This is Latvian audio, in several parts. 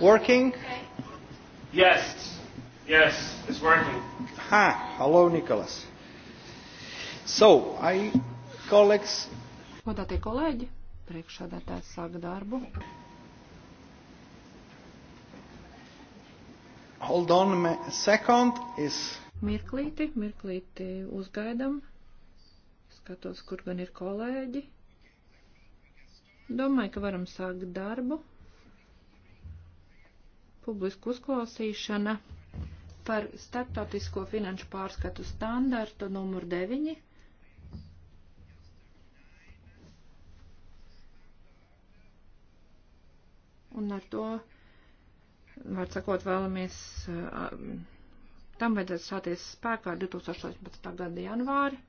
Working? Yes. Yes, it's working. Ha. Hello, Nicholas. So, I, colleagues. Ko tā tie kolēģi? Priekšādātājs sāka darbu. Hold on a second. Is... Mirklīti, mirklīti uzgaidam. Skatos, kur gan ir kolēģi. Domāju, ka varam sākt darbu publisku uzklausīšana par starptautisko finanšu pārskatu standartu numur 9. Un ar to, var sakot, vēlamies, tam vajadzētu sāties spēkā 2018. gada janvāri,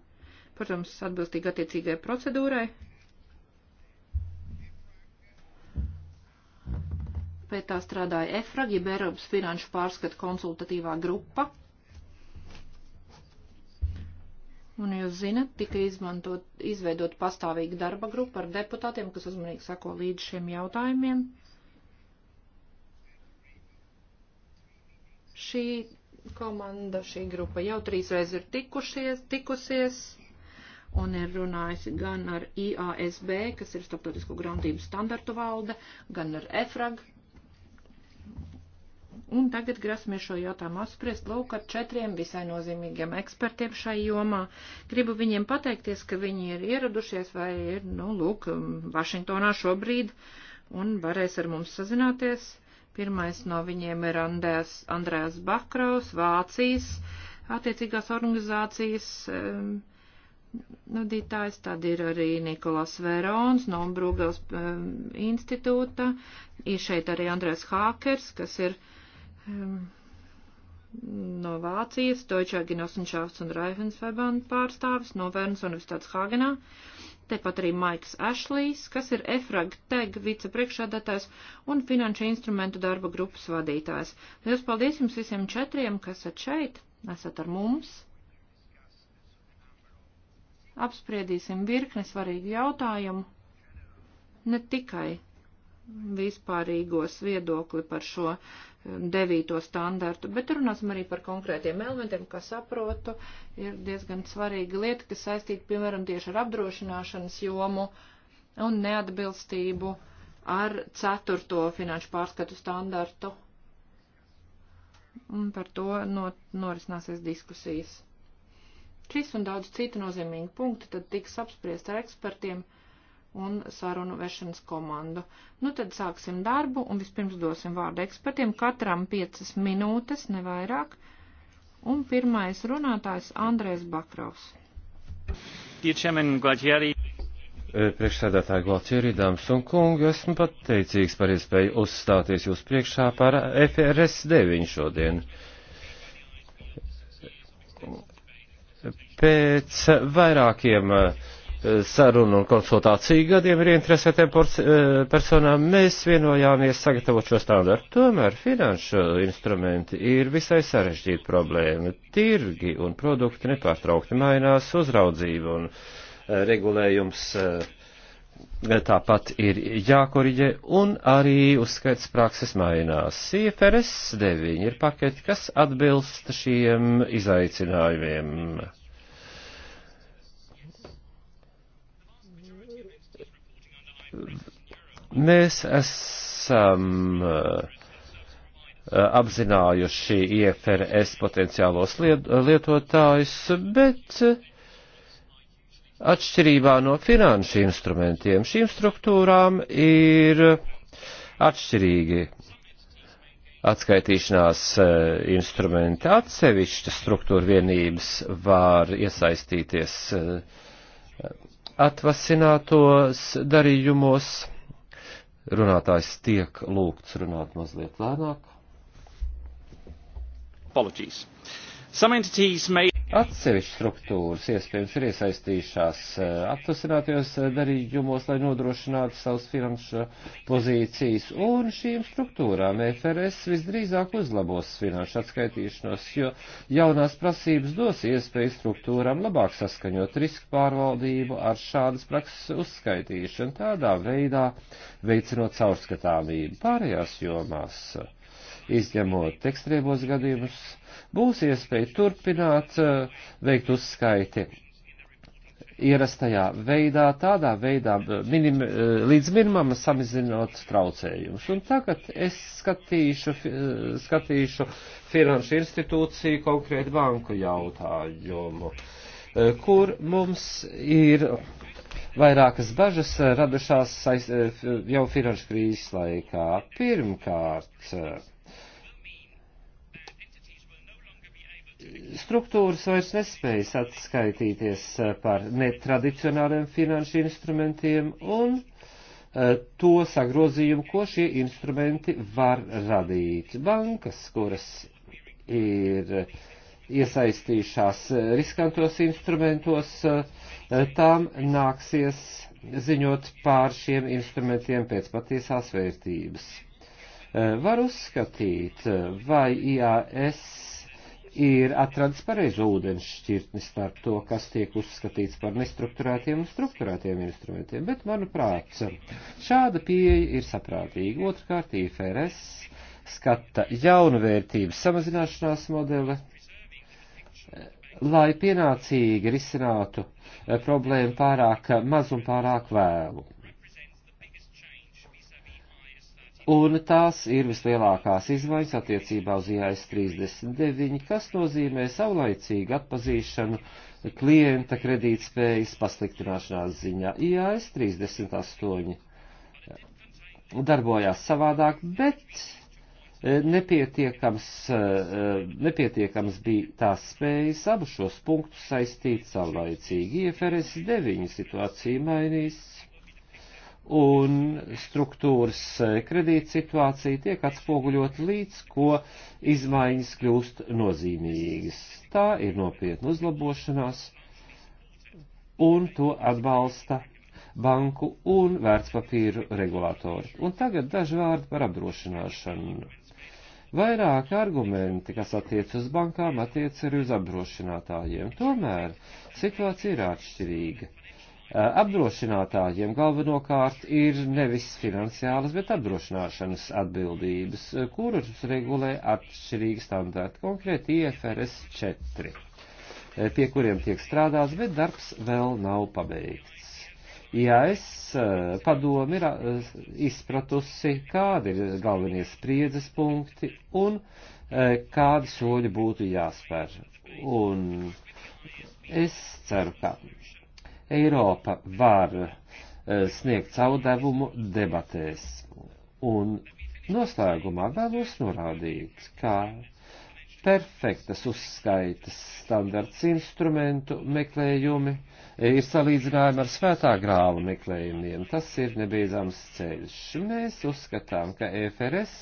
protams, atbilstīgi attiecīgai procedūrai. Pie tā strādāja EFRAG, jeb Eiropas finanšu pārskata konsultatīvā grupa. Un jūs zinat, tika izmantot, izveidot pastāvīga darba grupa ar deputātiem, kas uzmanīgi sako līdz šiem jautājumiem. Šī komanda, šī grupa jau trīsreiz ir tikušies, tikusies un ir runājusi gan ar IASB, kas ir Starptautisko grāmatību standartu valde, gan ar EFRAG, Un tagad grasamies šo jautājumu apspriest lūk ar četriem visai nozīmīgiem ekspertiem šai jomā. Gribu viņiem pateikties, ka viņi ir ieradušies vai ir, nu, lūk, Vašingtonā šobrīd un varēs ar mums sazināties. Pirmais no viņiem ir Andrēs, Andrēs Bakraus, Vācijas attiecīgās organizācijas um, vadītājs, tad ir arī Nikolas Verons no Brūgels um, institūta, ir šeit arī Andrēs Hākers, kas ir uh, um, no Vācijas, Deutsche Genossenschafts un Reifensverband pārstāvis no Vērnas Universitātes Hāgenā, tepat arī Maiks Ašlīs, kas ir EFRAG TEG vicepriekšādātājs un finanšu instrumentu darba grupas vadītājs. Lielas paldies jums visiem četriem, kas esat šeit, esat ar mums apspriedīsim virkni svarīgu jautājumu, ne tikai vispārīgos viedokli par šo devīto standartu, bet runāsim arī par konkrētiem elementiem, kā saprotu, ir diezgan svarīga lieta, kas saistīta, piemēram, tieši ar apdrošināšanas jomu un neatbilstību ar ceturto finanšu pārskatu standartu. Un par to not, norisināsies diskusijas. Šis un daudz citu nozīmīgi punkti tad tiks apspriest ar ekspertiem un sarunu vešanas komandu. Nu tad sāksim darbu un vispirms dosim vārdu ekspertiem, katram piecas minūtes, nevairāk. Un pirmais runātājs Andrēs Bakrovs. E, priekšsēdētāji Gualtieri, dāmas un kungi, esmu pateicīgs par iespēju uzstāties jūs priekšā par FRS 9 šodien pēc vairākiem uh, sarunu un konsultāciju gadiem ar interesētiem eh, personām, mēs vienojāmies sagatavot šo standartu. Tomēr finanšu instrumenti ir visai sarežģīta problēma. Tirgi un produkti nepārtraukti mainās, uzraudzība un eh, regulējums eh, tāpat ir jākoriģē, un arī uzskaits prakses mainās. IFRS 9 ir paketi, kas atbilst šiem izaicinājumiem Mēs esam eh, apzinājuši IFRS potenciālos lietotājus, bet atšķirībā no finanšu instrumentiem šīm struktūrām ir atšķirīgi atskaitīšanās eh, instrumenti. Atsevišķas struktūra vienības var iesaistīties eh, atvasinātos darījumos. Runātājs tiek lūgts runāt mazliet lēnāk. Apologies. Some entities may Atsevišķas struktūras iespējams ir iesaistījušās eh, aptusinātajos eh, darījumos, lai nodrošinātu savas finanšu pozīcijas, un šīm struktūrām e FRS visdrīzāk uzlabos finanšu atskaitīšanos, jo jaunās prasības dos iespēju struktūrām labāk saskaņot risku pārvaldību ar šādas prakses uzskaitīšanu, tādā veidā veicinot caurskatāmību pārējās jomās izņemot ekstrēmos gadījumus, būs iespēja turpināt eh, veikt uzskaiti ierastajā veidā, tādā veidā eh, minim, eh, līdz minimam samazinot traucējumus. Un tagad es skatīšu, skatīšu finanšu institūciju konkrēti banku jautājumu, kur mums ir vairākas bažas radušās jau finanšu krīzes laikā. Pirmkārt, struktūras vairs nespējas atskaitīties eh, par netradicionāliem finanšu instrumentiem un eh, to sagrozījumu, ko šie instrumenti var radīt. Bankas, kuras ir iesaistījušās riskantos instrumentos, eh, tām nāksies ziņot pār šiem instrumentiem pēc patiesās vērtības. Var uzskatīt, vai IAS ir atradis pareizo ūdens šķirtni starp to, kas tiek uzskatīts par nestruktūrētiem un struktūrētiem instrumentiem. Bet, manuprāt, šāda pieeja ir saprātīga. Otrkārt, IFRS skata jaunu vērtību samazināšanās modeli, lai pienācīgi risinātu eh, problēmu pārāk eh, maz un pārāk vēlu. Un tās ir vislielākās izmaiņas attiecībā uz IAS 39, kas nozīmē savlaicīgu atpazīšanu klienta kredītspējas pasliktināšanās ziņā. IAS 38 darbojās savādāk, bet e, nepietiekams, e, e, nepietiekams bija tās spējas abus šos punktus saistīt savlaicīgi. IFRS 9 situācija mainīs un struktūras eh, kredīt situācija tiek atspoguļot līdz, ko izmaiņas kļūst nozīmīgas. Tā ir nopietna uzlabošanās, un to atbalsta banku un vērtspapīru regulātori. Un tagad daži vārdi par apdrošināšanu. Vairāk argumenti, kas attiec uz bankām, attiec arī uz apdrošinātājiem. Tomēr situācija ir atšķirīga Eh, apdrošinātājiem galvenokārt ir nevis finansiālas, bet apdrošināšanas atbildības, eh, kuras regulē atšķirīgi standarti, konkrēti IFRS 4, eh, pie kuriem tiek strādāts, bet darbs vēl nav pabeigts. Ja es padomu ir izpratusi, kādi ir galvenie spriedzes punkti un kādi soļi būtu jāspēr. Un es ceru, ka Eiropa var eh, sniegt savu devumu debatēs. Un noslēgumā vēlos norādīt, ka perfektas uzskaitas standarts instrumentu meklējumi e, ir salīdzinājumi ar svētā grāva meklējumiem. Tas ir nebeidzams ceļš. Mēs uzskatām, ka EFRS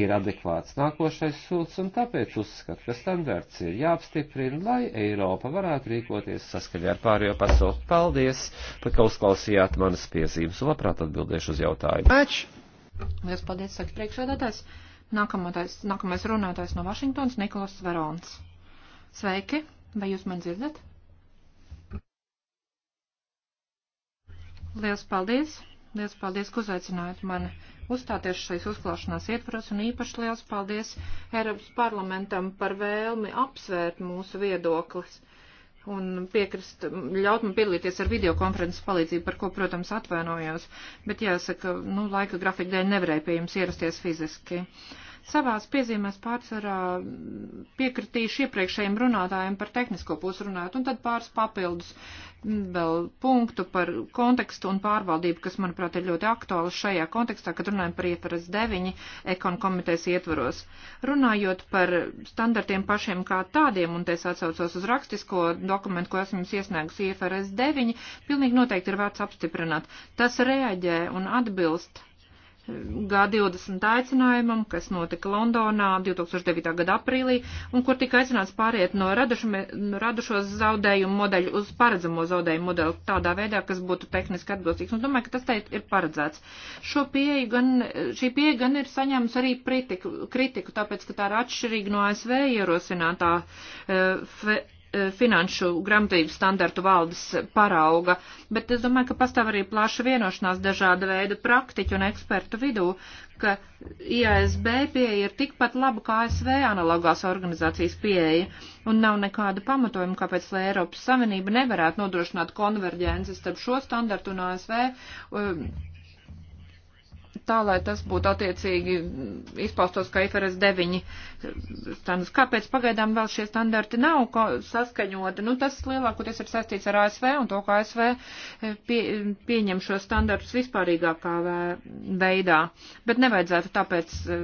ir adekvāts nākošais solis un tāpēc uzskatu, ka standarts ir jāapstiprina, lai Eiropa varētu rīkoties saskaņā ar pārējo pasauli. Paldies, pat ka uzklausījāt manas piezīmes un labprāt atbildēšu uz jautājumu. Mēč! Liels paldies, saka priekšādātājs. Nākamais, nākamais runātājs no Vašingtons - Nikolas Verons. Sveiki, vai jūs man dzirdat? Liels paldies! Liels paldies, ka uzaicinājāt mani uzstāties šais uzklāšanās ietvaros, un īpaši liels paldies Eiropas parlamentam par vēlmi apsvērt mūsu viedoklis un piekrist, ļaut man piedalīties ar videokonferences palīdzību, par ko, protams, atvainojos, bet jāsaka, nu, laika grafika dēļ nevarēja pie jums ierasties fiziski. Uh, Savās piezīmēs pārsvarā piekritīšu iepriekšējiem runātājiem par tehnisko pusi runāt, un tad pāris papildus vēl punktu par kontekstu un pārvaldību, kas, manuprāt, ir ļoti aktuāls šajā kontekstā, kad runājam par ietvaras 9 ekon komitejas ietvaros. Runājot par standartiem pašiem kā tādiem, un te es atsaucos uz rakstisko dokumentu, ko esmu jums iesniegusi IFRS 9, pilnīgi noteikti ir vērts apstiprināt. Tas reaģē un atbilst G20 aicinājumam, kas notika Londonā 2009. gada aprīlī, un kur tika aicināts pāriet no radušos zaudējumu modeļu uz paredzamo zaudējumu modeli tādā veidā, kas būtu tehniski atbilstīgs. Un domāju, ka tas teikt ir paredzēts. Šo pieeju gan, šī pieeja gan ir saņēmusi arī kritiku, kritiku, tāpēc, ka tā ir atšķirīga no ASV ierosinātā. Uh, fe, Eh, finanšu grāmatvedības standartu valdes parauga, bet es domāju, ka pastāv arī plaša vienošanās dažāda veida praktiķu un ekspertu vidū, ka IASB pieeja ir tikpat laba kā ASV analogās organizācijas pieeja, un nav nekāda pamatojuma, kāpēc, lai Eiropas Savienība nevarētu nodrošināt konverģences starp šo standartu un ASV. Um, tā, lai tas būtu attiecīgi izpaustos kā IFRS 9 standarts. Kāpēc pagaidām vēl šie standarti nav saskaņoti? Nu, tas lielākoties ir saistīts ar ASV un to, ka ASV e, pie, pieņem šo standartus vispārīgākā veidā. Bet nevajadzētu tāpēc e,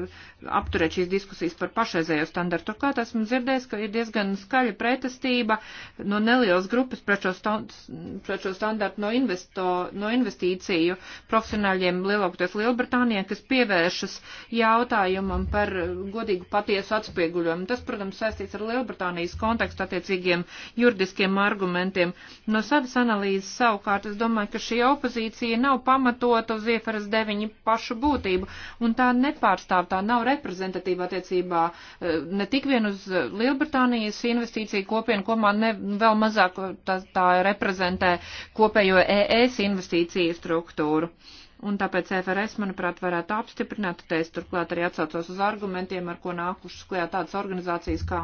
apturēt šīs diskusijas par pašreizējo standartu. Turklāt esmu dzirdējis, ka ir diezgan skaļa pretestība no nelielas grupas pret šo, stand, pret šo standartu no, investo, no investīciju profesionāļiem lielākoties lielbritā Lielbritānijā, kas pievēršas jautājumam par godīgu patiesu atspieguļojumu. Tas, protams, saistīts ar Lielbritānijas kontekstu attiecīgiem juridiskiem argumentiem. No savas analīzes savukārt es domāju, ka šī opozīcija nav pamatota uz ieferas deviņu pašu būtību, un tā nepārstāv, tā nav reprezentatīva attiecībā eh, ne tik vien uz Lielbritānijas investīciju kopienu, komā ne, vēl mazāk tā, tā reprezentē kopējo ES investīciju struktūru un tāpēc FRS, manuprāt, varētu apstiprināt, te es turklāt arī atsaucos uz argumentiem, ar ko nākušas klajā tādas organizācijas kā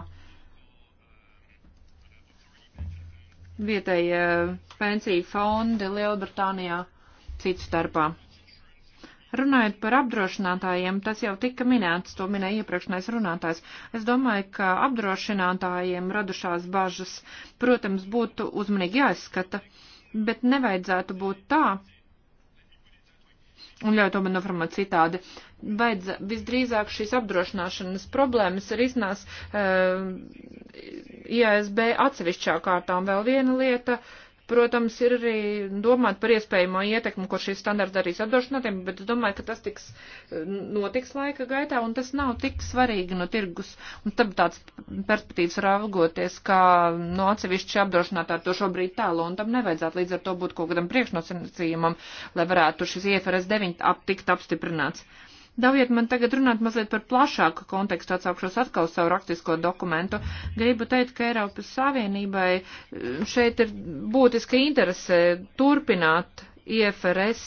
vietējie pensiju fondi Lielbritānijā, citu starpā. Runājot par apdrošinātājiem, tas jau tika minēts, to minēja iepriekšnais runātājs. Es domāju, ka apdrošinātājiem radušās bažas, protams, būtu uzmanīgi jāizskata, bet nevajadzētu būt tā, un ļauj to man noformulēt citādi. Vajadz, visdrīzāk šīs apdrošināšanas problēmas ir iznās uh, eh, IASB atsevišķā kārtā. Un vēl viena lieta, uh, Protams, ir arī domāt par iespējamo ietekmi, ko šīs standarts darīs apdrošinātiem, bet es domāju, ka tas tiks, eh, notiks laika gaitā, un tas nav tik svarīgi no tirgus. Un tad tāds perspektīvs raugoties, kā no atsevišķi apdrošinātā to šobrīd tālu, un tam nevajadzētu līdz ar to būt kaut kādam priekšnosacījumam, lai varētu šis IFRS 9 ap, tikt apstiprināts. Daujiet man tagad runāt mazliet par plašāku kontekstu, atsaukšos atkal savu rakstisko dokumentu. Gribu teikt, ka Eiropas Savienībai eh, šeit ir būtiska interese turpināt IFRS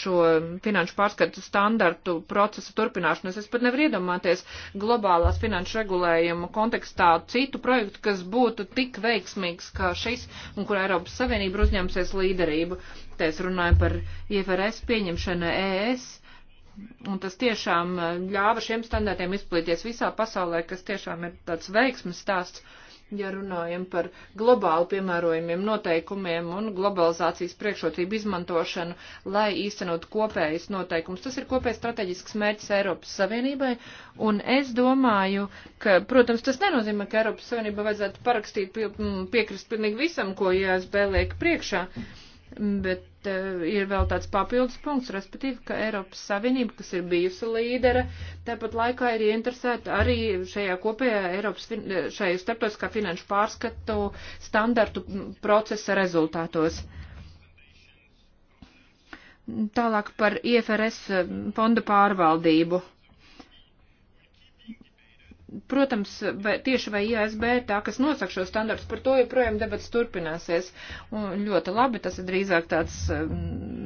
šo finanšu pārskatu standartu procesu turpināšanas. Es pat nevaru iedomāties globālās finanšu regulējumu kontekstā citu projektu, kas būtu tik veiksmīgs kā šis un kur Eiropas Savienība uzņemsies līderību. Te es runāju par IFRS pieņemšanu ES Un tas tiešām eh, ļāva šiem standartiem izplīties visā pasaulē, kas tiešām ir tāds veiksmes stāsts, ja runājam par globāli piemērojumiem noteikumiem un globalizācijas priekšrotību izmantošanu, lai īstenot kopējas noteikumus. Tas ir kopējs strateģisks mērķis Eiropas Savienībai, un es domāju, ka, protams, tas nenozīmē, ka Eiropas Savienība vajadzētu parakstīt pie, piekrist pilnīgi visam, ko ISB liek priekšā, bet Eh, ir vēl tāds papildus punkts, respektīvi, ka Eiropas Savienība, kas ir bijusi līdere, tāpat laikā ir ieinteresēta arī šajā kopējā Eiropas, šajā starptautiskā finanšu pārskatu standartu procesa rezultātos. Tālāk par IFRS eh, fonda pārvaldību protams, vai, tieši vai ISB ir tā, kas nosaka šo standartu, par to joprojām debats turpināsies. Un ļoti labi, tas ir drīzāk tāds um,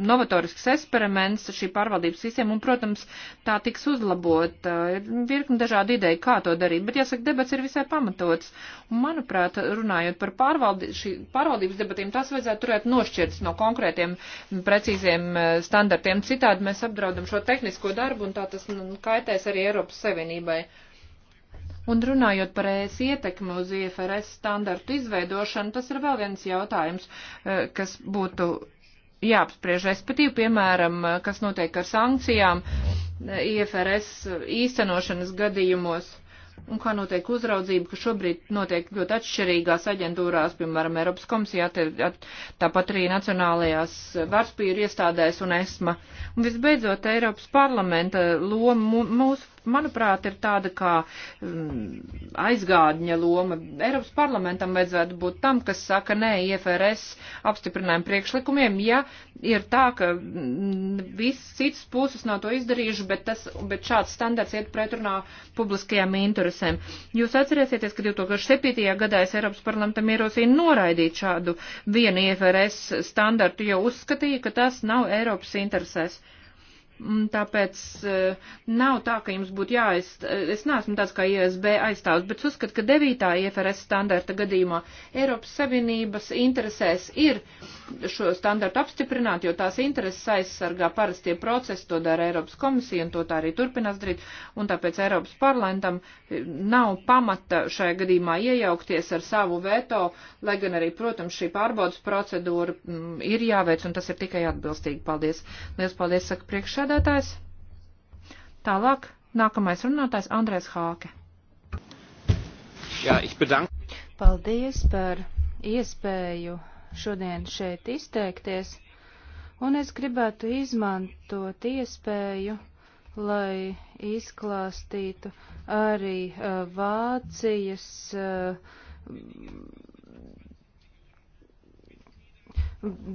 novatorisks eksperiments šī pārvaldības sistēma, un, protams, tā tiks uzlabot. Ir virkni dažādi ideja, kā to darīt, bet, jāsaka, debats ir visai pamatots. Un, manuprāt, runājot par pārvaldi, šī, pārvaldības debatiem, tas vajadzētu turēt nošķirts no konkrētiem precīziem uh, standartiem. Citādi mēs apdraudam šo tehnisko darbu, un tā tas mm, kaitēs arī Eiropas Savienībai. Un runājot par ES ietekmi uz IFRS standartu izveidošanu, tas ir vēl viens jautājums, eh, kas būtu jāapspriež, respektīvi, piemēram, eh, kas notiek ar sankcijām eh, IFRS īstenošanas gadījumos. Un kā notiek uzraudzība, ka šobrīd notiek ļoti atšķirīgās aģentūrās, piemēram, Eiropas komisijā, tāpat arī nacionālajās vērtspīru iestādēs un ESMA. Un visbeidzot, Eiropas parlamenta loma mūsu manuprāt, ir tāda kā mm, aizgādņa loma. Eiropas parlamentam vajadzētu būt tam, kas saka nē IFRS apstiprinājumu priekšlikumiem, ja ir tā, ka mm, viss citas puses nav to izdarījuši, bet, tas, bet šāds standarts iet pretrunā publiskajām interesēm. Jūs atcerēsieties, ka 2007. gadā es Eiropas parlamentam ierosīju noraidīt šādu vienu IFRS standartu, jo uzskatīju, ka tas nav Eiropas interesēs. Mm, tāpēc eh, nav tā, ka jums būtu jāaizt, eh, es neesmu tāds kā ISB aizstāvs, bet uzskatu, ka 9. IFRS standarta gadījumā Eiropas Savienības interesēs ir šo standartu apstiprināt, jo tās intereses aizsargā parastie procesi, to dara Eiropas komisija un to tā arī turpinās darīt, un tāpēc Eiropas parlamentam eh, nav pamata šajā gadījumā iejaukties ar savu veto, lai gan arī, protams, šī pārbaudas procedūra mm, ir jāveic, un tas ir tikai atbilstīgi. Paldies. Liels paldies, saka priekšā priekšsēdētājs. Tālāk nākamais runātājs Andrēs Hāke. Jā, ich bedank. Paldies par iespēju šodien šeit izteikties, un es gribētu izmantot iespēju, lai izklāstītu arī uh, Vācijas uh,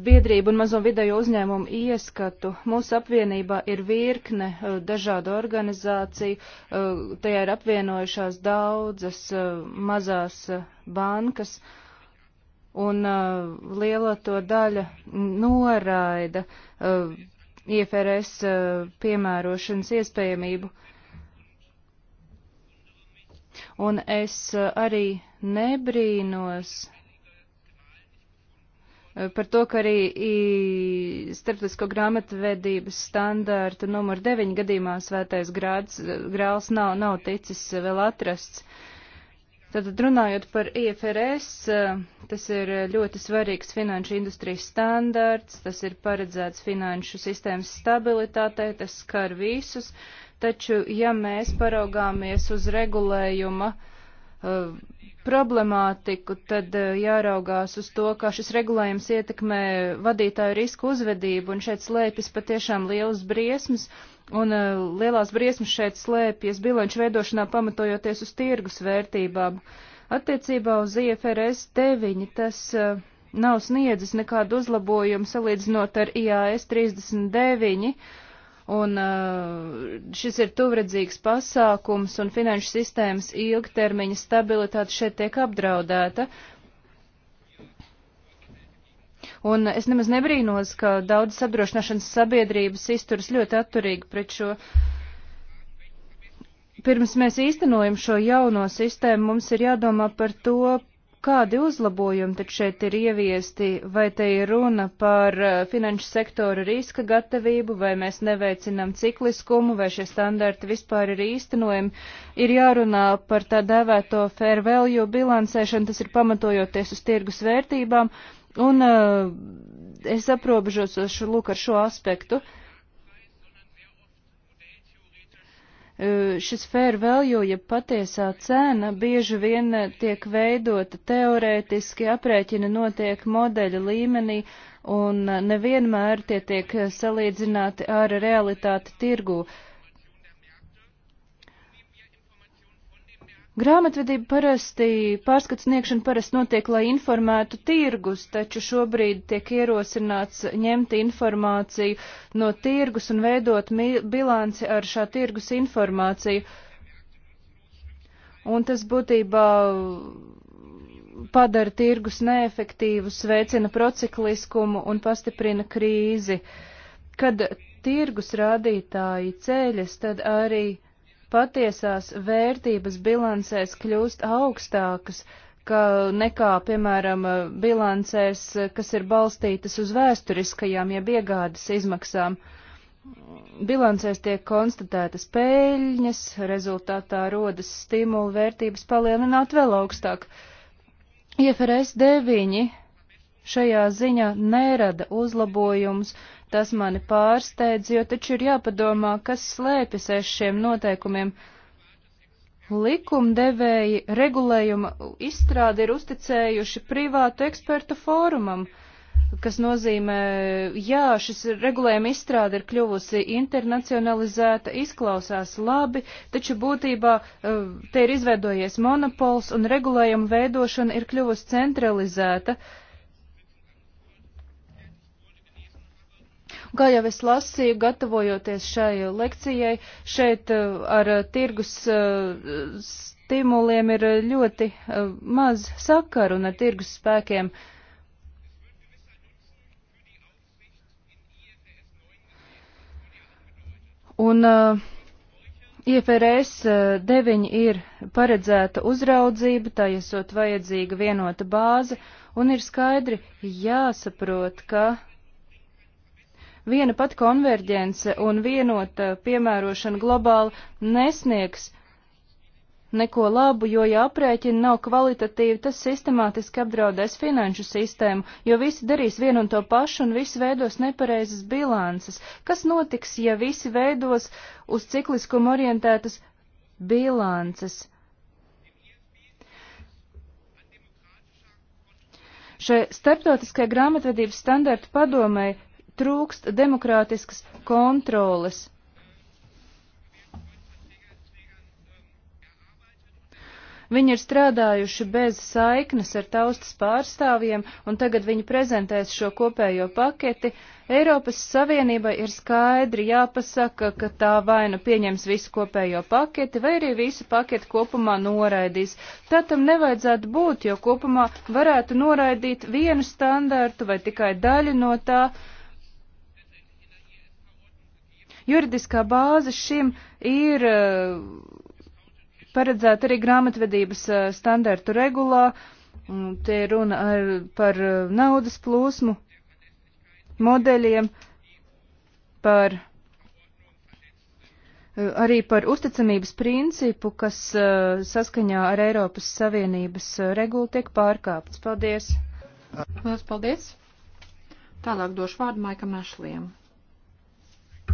biedrību un mazo vidējo uzņēmumu ieskatu. Mūsu apvienībā ir virkne eh, dažādu organizāciju, eh, tajā ir apvienojušās daudzas eh, mazās bankas, un liela to daļa noraida IFRS piemērošanas iespējamību. Un es arī nebrīnos, par to, ka arī starptautisko grāmatvedības standārta numur 9 gadījumā svētais grāds, grāls nav, nav ticis vēl atrasts. Tātad runājot par IFRS, tas ir ļoti svarīgs finanšu industrijas standārts, tas ir paredzēts finanšu sistēmas stabilitātei, tas skar visus, taču ja mēs paraugāmies uz regulējuma uh, problemātiku, tad eh, jāraugās uz to, kā šis regulējums ietekmē vadītāju risku uzvedību, un šeit slēpjas patiešām lielas briesmas, un uh, lielās briesmas šeit slēpjas bilanču veidošanā pamatojoties uz tirgus vērtībām. Attiecībā uz IFRS 9 tas uh, nav sniedzis nekādu uzlabojumu salīdzinot ar IAS 39. Un uh, šis ir tuvredzīgs pasākums, un finanšu sistēmas ilgtermiņa stabilitāte šeit tiek apdraudēta. Un es nemaz nebrīnos, ka daudzas apdrošināšanas sabiedrības izturas ļoti atturīgi pret šo. Pirms mēs īstenojam šo jauno sistēmu, mums ir jādomā par to, Kādi uzlabojumi tad šeit ir ieviesti, vai te ir runa par eh, finanšu sektora riska gatavību, vai mēs neveicinām cikliskumu, vai šie standarti vispār ir īstenojami? Ir jārunā par tā dēvēto fair value bilansēšanu, tas ir pamatojoties uz tirgus vērtībām, un uh, es aprobežos lūk ar šo aspektu. Uh, šis fair value, ja patiesā cena, bieži vien tiek veidota teorētiski, aprēķina notiek modeļa līmenī, un nevienmēr tie tiek salīdzināti ar realitāti tirgū. Uh, Grāmatvedība parasti, pārskats sniegšana parasti notiek, lai informētu tirgus, taču šobrīd tiek ierosināts ņemt informāciju no tirgus un veidot bilanci ar šā tirgus informāciju. Un tas būtībā padara tirgus neefektīvus, veicina procikliskumu un pastiprina krīzi. Kad tirgus rādītāji ceļas, tad arī patiesās vērtības bilancēs kļūst augstākas ka nekā, piemēram, bilancēs, kas ir balstītas uz vēsturiskajām, jeb iegādes izmaksām. Bilancēs tiek konstatētas peļņas, rezultātā rodas stimulu vērtības palielināt vēl augstāk. IFRS 9 šajā ziņā nerada uzlabojums, tas mani pārsteidz, jo taču ir jāpadomā, kas slēpjas aiz šiem noteikumiem. Likumdevēji regulējuma izstrādi ir uzticējuši privātu ekspertu fórumam, kas nozīmē, jā, šis regulējuma izstrāde ir kļuvusi internacionalizēta, izklausās labi, taču būtībā eh, te ir izveidojies monopols un regulējuma veidošana ir kļuvusi centralizēta. Uh, Kā jau es lasīju, gatavojoties šai lekcijai, šeit eh, ar eh, tirgus eh, stimuliem ir ļoti maz sakaru un ar tirgus spēkiem. Un uh, IFRS 9 ir paredzēta uzraudzība, tā esot vajadzīga vienota bāze, un ir skaidri jāsaprot, ka Viena pat konverģence un vienota piemērošana globāli nesniegs neko labu, jo, ja aprēķini nav kvalitatīvi, tas sistemātiski apdraudēs finanšu sistēmu, jo visi darīs vienu un to pašu un visi veidos nepareizas bilances. Kas notiks, ja visi veidos uz cikliskumu orientētas bilances? Šai starptautiskajai grāmatvedības standartu padomai trūkst demokrātiskas kontroles. Viņi ir strādājuši bez saiknes ar taustas pārstāvjiem, un tagad viņi prezentēs šo kopējo paketi. Eiropas Savienībai ir skaidri jāpasaka, ka tā vaina nu pieņems visu kopējo paketi, vai arī visu paketi kopumā noraidīs. Tā tam nevajadzētu būt, jo kopumā varētu noraidīt vienu standārtu vai tikai daļu no tā Juridiskā bāze šim ir eh, paredzēta arī grāmatvedības eh, standartu regulā, te ir runa ar, par eh, naudas plūsmu modeļiem, par arī par uzticamības principu, kas saskaņā ar Eiropas Savienības regulu tiek pārkāpts. Paldies! Lielas paldies! Tālāk došu vārdu Maikam Ešliem.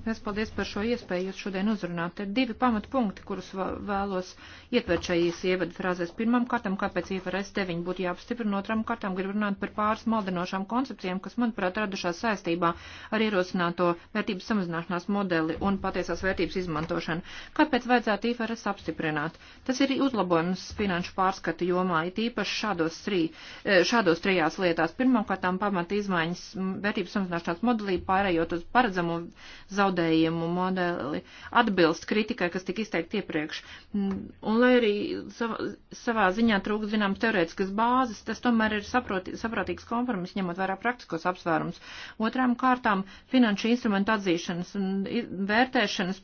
Pēc paldies par šo iespēju jūs šodien uzrunāt. Ir divi pamatpunkti, kurus vēlos ietvert šajās ievadu frāzēs. Pirmam kartam, kāpēc IFRS 9 būtu jāapstiprina, otram kartam gribu runāt par pāris maldinošām koncepcijām, kas, manuprāt, radušās saistībā ar ierosināto vērtības samazināšanās modeli un patiesās vērtības izmantošanu. Kāpēc vajadzētu IFRS apstiprināt? Tas ir uzlabojums finanšu pārskatu jomā, it īpaši šādos, trī, eh, šādos trijās lietās. Pirmam kartām pamat izmaiņas vērtības samazināšanās modelī pārējot uz paredzamu zaudējumu zaudējumu modeli atbilst kritikai, kas tika izteikti iepriekš. Un, lai arī savā ziņā trūkst zināms teorētiskas bāzes, tas tomēr ir saproti, saprotīgs kompromiss, ņemot vērā praktiskos apsvērums. Otrām kārtām finanšu instrumentu atzīšanas un vērtēšanas,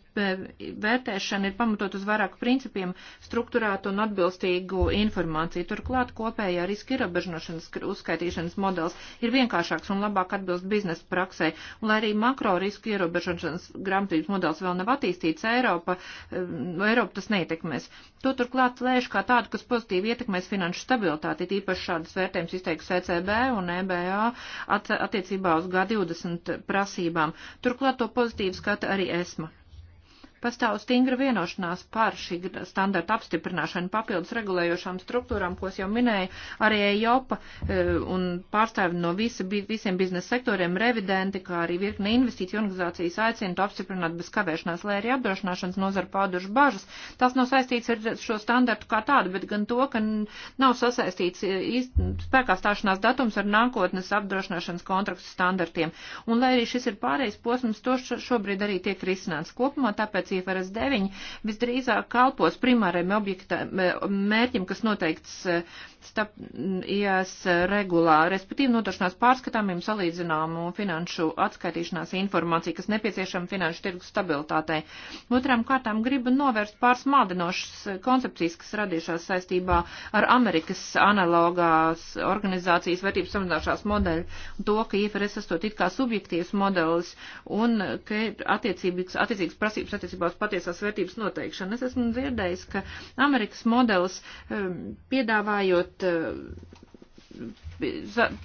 vērtēšana ir pamatot uz vairāku principiem strukturētu un atbilstīgu informāciju. Turklāt kopējā riska ierobežošanas uzskaitīšanas modelis ir vienkāršāks un labāk atbilst biznesa praksē. Un, lai arī makro riska ierobežošanas zināšanas grāmatvedības modelis vēl nav attīstīts Eiropa, um, Eiropa tas neietekmēs. To turklāt lēš kā tādu, kas pozitīvi ietekmēs finanšu stabilitāti, īpaši šādas vērtējums izteiks ECB un EBA attiecībā uz G20 prasībām. Turklāt to pozitīvi skata arī ESMA pastāv stingra vienošanās par šī standarta apstiprināšanu papildus regulējošām struktūrām, ko es jau minēju, arī EIOPA e, un pārstāvi no visa, visiem biznesa sektoriem, revidenti, kā arī virkne investīciju organizācijas aicina to apstiprināt bez kavēšanās, lai arī apdrošināšanas nozara pauduši bažas. Tas nav saistīts ar šo standartu kā tādu, bet gan to, ka nav sasaistīts e, spēkā stāšanās datums ar nākotnes apdrošināšanas kontraktu standartiem. Un lai arī šis ir pārējais posms, to šobrīd arī tiek risināts kopumā, tāpēc tāpēc IFRS 9 visdrīzāk kalpos primāriem objektam, eh, mērķim, kas noteikts eh, starp mm, IAS regulā, respektīvi notošanās pārskatāmiem salīdzināmu finanšu atskaitīšanās informāciju, kas nepieciešama finanšu tirgu stabilitātei. Otrām kārtām gribu novērst pārsmādinošas eh, koncepcijas, kas radījušās saistībā ar Amerikas analogās organizācijas vērtības samazināšanās modeļu, to, ka IFRS 8 it kā subjektīvs modelis un ka attiecīgas prasības attiecības attiecībā uz patiesās vērtības noteikšanu. Es esmu dzirdējis, ka Amerikas modelis ehm, piedāvājot ehm,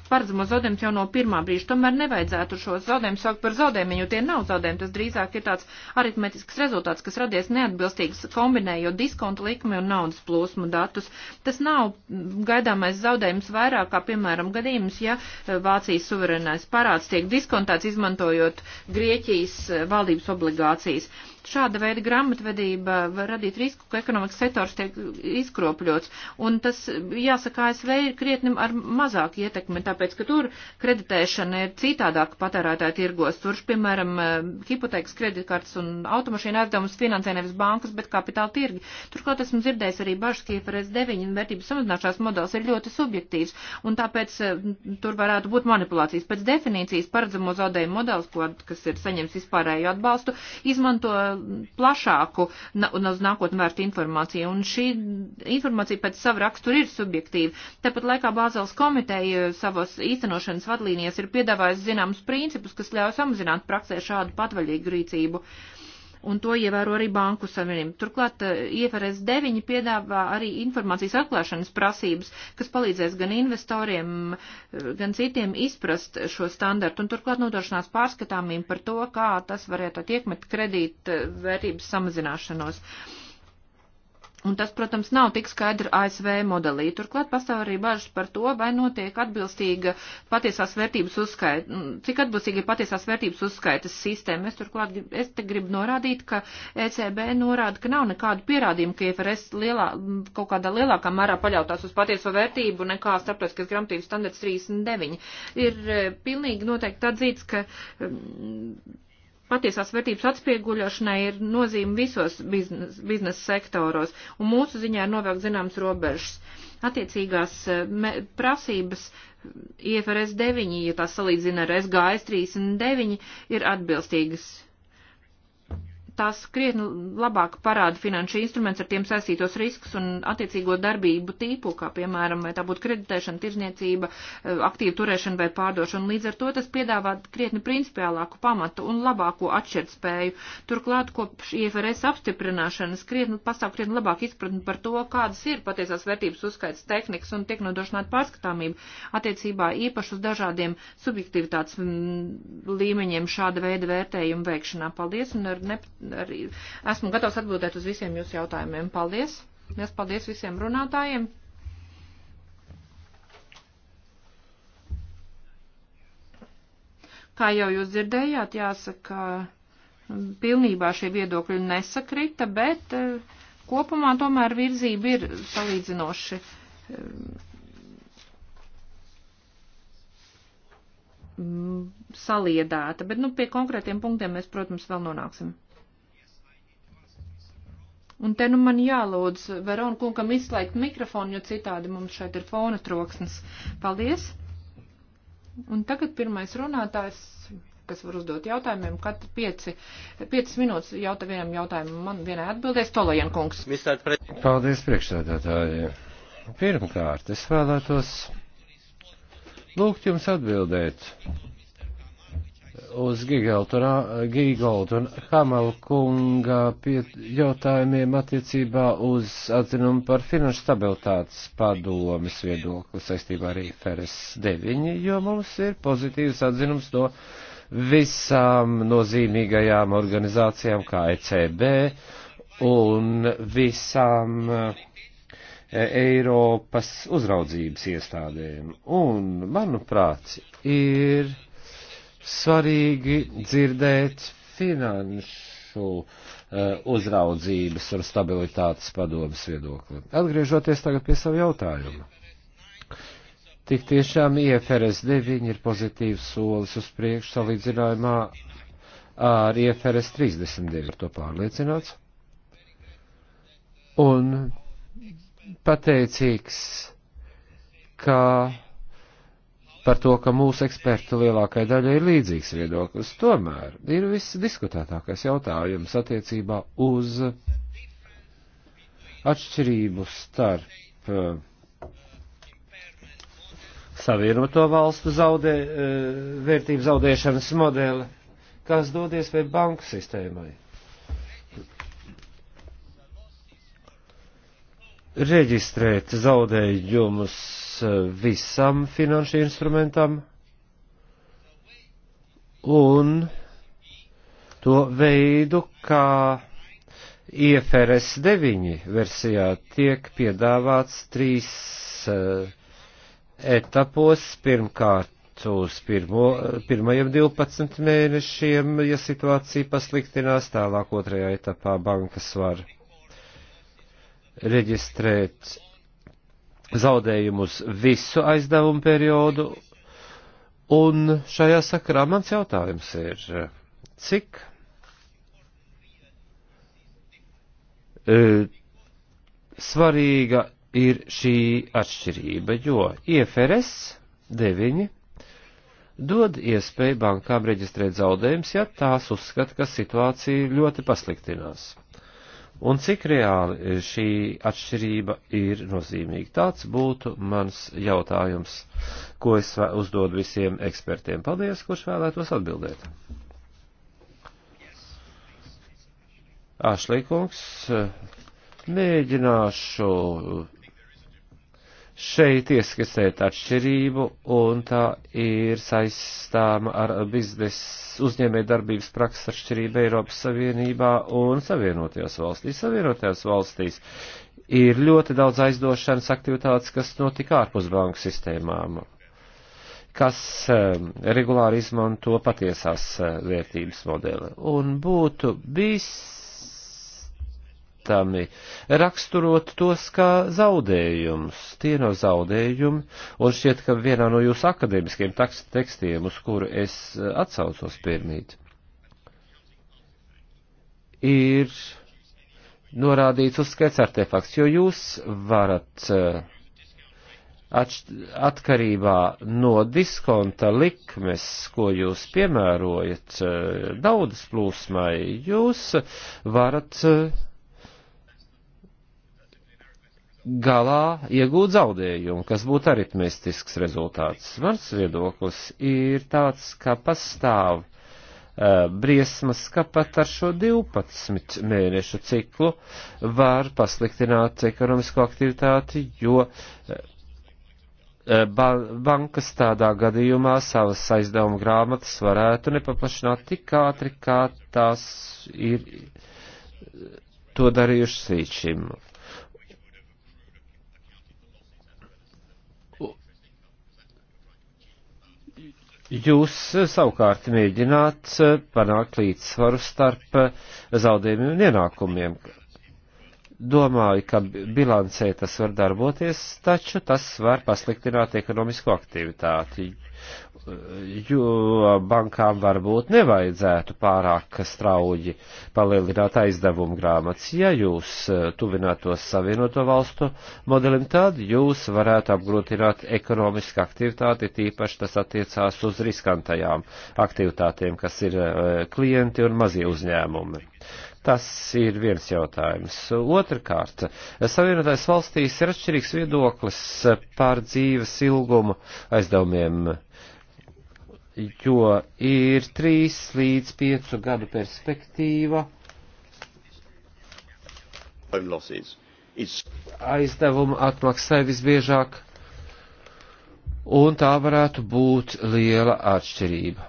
paredzamo zaudējumus jau no pirmā brīža. Tomēr nevajadzētu šos zaudējumus saukt par zaudējumiem, jo tie nav zaudējumi. Tas drīzāk ir tāds aritmetisks rezultāts, kas radies neatbilstīgs kombinējot diskontu likmi un naudas plūsmu datus. Tas nav gaidāmais zaudējums vairāk kā, piemēram, gadījums, ja Vācijas suverenais parāds tiek diskontēts izmantojot Grieķijas valdības obligācijas. Šāda veida grāmatvedība var radīt risku, ka ekonomikas sektors tiek izkropļots, un tas, jāsaka, ASV ir krietni ar mazā mazāk ietekme, tāpēc, ka tur kreditēšana ir citādāk patērētāja tirgos. Tur, piemēram, eh, hipotēkas kreditkartes un automašīna aizdevumus finansē nevis bankas, bet kapitāla tirgi. Turklāt esmu dzirdējis arī bažas, ka IFRS 9 vērtības samazināšanās modelis ir ļoti subjektīvs, un tāpēc eh, tur varētu būt manipulācijas. Pēc definīcijas paredzamo zaudējumu modelis, kas ir saņems vispārēju atbalstu, izmanto plašāku un uz nākotnē vērstu informāciju. Un šī informācija pēc sava rakstura ir subjektīva. Tāpat laikā Bāzels komiteja komiteja savos īstenošanas vadlīnijas ir piedāvājis zināmus principus, kas ļauj samazināt praksē šādu patvaļīgu rīcību. Un to ievēro arī banku savienību. Turklāt eh, IFRS 9 piedāvā arī informācijas atklāšanas prasības, kas palīdzēs gan investoriem, eh, gan citiem izprast šo standartu un turklāt nodošanās pārskatāmību par to, kā tas varētu attiekmet kredīt vērtības samazināšanos. Uh, Un tas, protams, nav tik skaidri ASV modelī. Turklāt pastāv arī bažas par to, vai notiek atbilstīga patiesās vērtības uzskaita, mm, cik atbilstīga ir patiesās vērtības uzskaitas sistēma. Es turklāt, es te gribu norādīt, ka ECB norāda, ka nav nekādu pierādījumu, ka IFRS lielā, mm, kaut kādā lielākā mērā paļautās uz patieso vērtību nekā starptautiskas grāmatības standarts 39. Ir e, pilnīgi noteikti atzīts, ka. Mm, patiesās vērtības atspieguļošanai ir nozīme visos biznesa biznes sektoros, un mūsu ziņā ir novēlgt zināmas robežas. Attiecīgās eh, me, prasības IFRS 9, ja tā salīdzina ar SGS 39, ir atbilstīgas tās krietni labāk parāda finanšu instruments ar tiem saistītos risks un attiecīgo darbību tīpu, kā piemēram, vai tā būtu kreditēšana, tirzniecība, eh, aktīvu turēšana vai pārdošana. Līdz ar to tas piedāvā krietni principiālāku pamatu un labāko atšķirtspēju. Turklāt, kopš IFRS apstiprināšanas krietni pastāv krietni labāk izpratni par to, kādas ir patiesās vērtības uzskaits tehnikas un tiek nodrošināta pārskatāmība attiecībā īpaši uz dažādiem subjektivitātes mm, līmeņiem šāda veida vērtējumu veikšanā. Paldies un ar nepatieku arī esmu gatavs atbildēt uz visiem jūsu jautājumiem. Paldies! Mēs paldies visiem runātājiem! Kā jau jūs dzirdējāt, jāsaka, pilnībā šie viedokļi nesakrita, bet eh, kopumā tomēr virzība ir salīdzinoši eh, saliedēta, bet nu, pie konkrētiem punktiem mēs, protams, vēl nonāksim. Un te nu man jālūdz Verona kungam izslēgt mikrofonu, jo citādi mums šeit ir fona troksnis. Paldies! Un tagad pirmais runātājs, kas var uzdot jautājumiem, katru pieci, piecas minūtes jautā vienam jautājumam, man vienai atbildēs Tolajan kungs. Paldies priekšsēdētāji. Pirmkārt, es vēlētos lūgt jums atbildēt uz Gigaltu un Hamalu kunga jautājumiem attiecībā uz atzinumu par finanšu stabilitātes padomes viedokli saistībā ar IFRS 9, jo mums ir pozitīvs atzinums no visām nozīmīgajām organizācijām kā ECB un visām uh, Eiropas uzraudzības iestādēm. Un, manuprāt, ir svarīgi dzirdēt finanšu eh, uzraudzības un stabilitātes padomas viedokli. Atgriežoties tagad pie savu jautājumu. Tik tiešām IFRS 9 ir pozitīvs solis uz priekšu salīdzinājumā ar IFRS 32, ar to pārliecināts. Un pateicīgs, ka par to, ka mūsu ekspertu lielākai daļai ir līdzīgs viedoklis. Tomēr ir viss diskutētākais jautājums attiecībā uz atšķirību starp eh, savienoto valstu zaudē, eh, vērtību zaudēšanas modeli, kas dodies pie banku sistēmai. Reģistrēt zaudējumus visam finanšu instrumentam un to veidu, kā IFRS 9 versijā tiek piedāvāts trīs eh, etapos. Pirmkārt uz pirmo, pirmajiem 12 mēnešiem, ja situācija pasliktinās, tālāk otrajā etapā bankas var reģistrēt zaudējumus visu aizdevumu periodu. Un šajā sakarā mans jautājums ir, cik e, svarīga ir šī atšķirība, jo IFRS 9 dod iespēju bankām reģistrēt zaudējumus, ja tās uzskata, ka situācija ļoti pasliktinās un cik reāli šī atšķirība ir nozīmīga. Tāds būtu mans jautājums, ko es uzdodu visiem ekspertiem. Paldies, kurš vēlētos atbildēt. Ašlīkungs, mēģināšu šeit ieskicēt atšķirību, un tā ir saistāma ar biznesa uzņēmēju darbības prakses atšķirību Eiropas Savienībā un Savienotajās valstīs. Savienotajās valstīs ir ļoti daudz aizdošanas aktivitātes, kas notika ārpus banku sistēmām kas um, regulāri izmanto patiesās uh, vērtības modeli. Un būtu bijis saprotami, raksturot tos kā zaudējumus. Tie no zaudējumi, un šķiet, ka vienā no jūsu akadēmiskiem tekstiem, uz kuru es eh, atsaucos pirmīt, ir norādīts uzskaits artefakts, jo jūs varat eh, atkarībā no diskonta likmes, ko jūs piemērojat eh, daudas plūsmai, jūs varat galā iegūt zaudējumu, kas būtu aritmistisks rezultāts. Mans viedoklis ir tāds, ka pastāv uh, briesmas, ka pat ar šo 12 mēnešu ciklu var pasliktināt ekonomisko aktivitāti, jo uh, ba bankas tādā gadījumā savas aizdevuma grāmatas varētu nepaplašināt tik ātri, kā tās ir to darījušas līdz šim Jūs eh, savukārt mēģināt eh, panākt līdzsvaru starp eh, zaudējumiem un ienākumiem. Domāju, ka bilancē tas var darboties, taču tas var pasliktināt ekonomisko aktivitāti jo bankām varbūt nevajadzētu pārāk strauji palielināt aizdevumu grāmatas. Ja jūs e, tuvinātos savienoto valstu modelim, tad jūs varētu apgrūtināt ekonomisku aktivitāti, tīpaši tas attiecās uz riskantajām aktivitātēm, kas ir e, klienti un mazie uzņēmumi. Tas ir viens jautājums. Otrakārt, Savienotās valstīs ir atšķirīgs viedoklis par dzīves ilgumu aizdevumiem jo ir trīs līdz piecu gadu perspektīva aizdevumu atmaksai visbiežāk, un tā varētu būt liela atšķirība.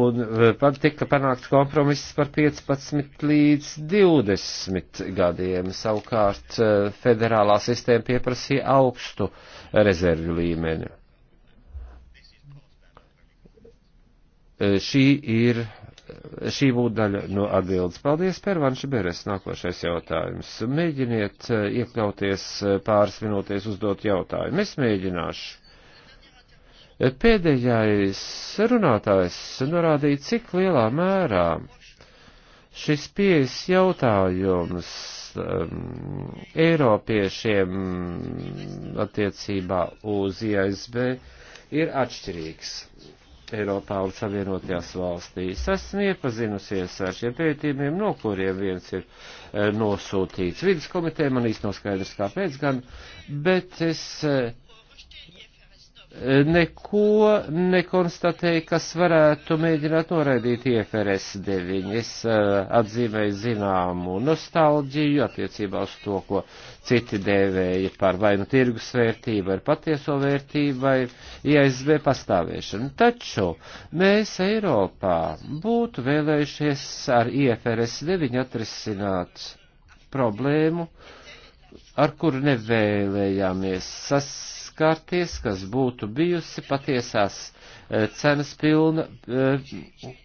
Un e, pat tika panākts kompromiss par 15 līdz 20 gadiem. Savukārt e, federālā sistēma pieprasīja augstu rezervju līmeni. Eh, šī ir eh, šī būtu daļa no atbildes. Paldies, Pervanši Beres, nākošais jautājums. Mēģiniet eh, iekļauties pāris minūtēs uzdot jautājumu. Es mēģināšu. Pēdējais runātājs norādīja, cik lielā mērā šis pieejas jautājums um, Eiropiešiem attiecībā uz ISB ir atšķirīgs Eiropā un Savienotajās valstīs. Esmu iepazinusies ar šiem pētījumiem, no kuriem viens ir e, nosūtīts vidas komitē, man īsti nav skaidrs kāpēc gan, bet es e, neko nekonstatēja, kas varētu mēģināt noraidīt IFRS 9. Es eh, atzīmēju zināmu nostalģiju attiecībā uz to, ko citi dēvēja par vai nu tirgus vērtību, vai patieso vērtību, vai ISB pastāvēšanu. Taču mēs Eiropā būtu vēlējušies ar IFRS 9 atrisināt problēmu, ar kuru nevēlējāmies sas skarties, kas būtu bijusi patiesās eh, cenas pilna eh,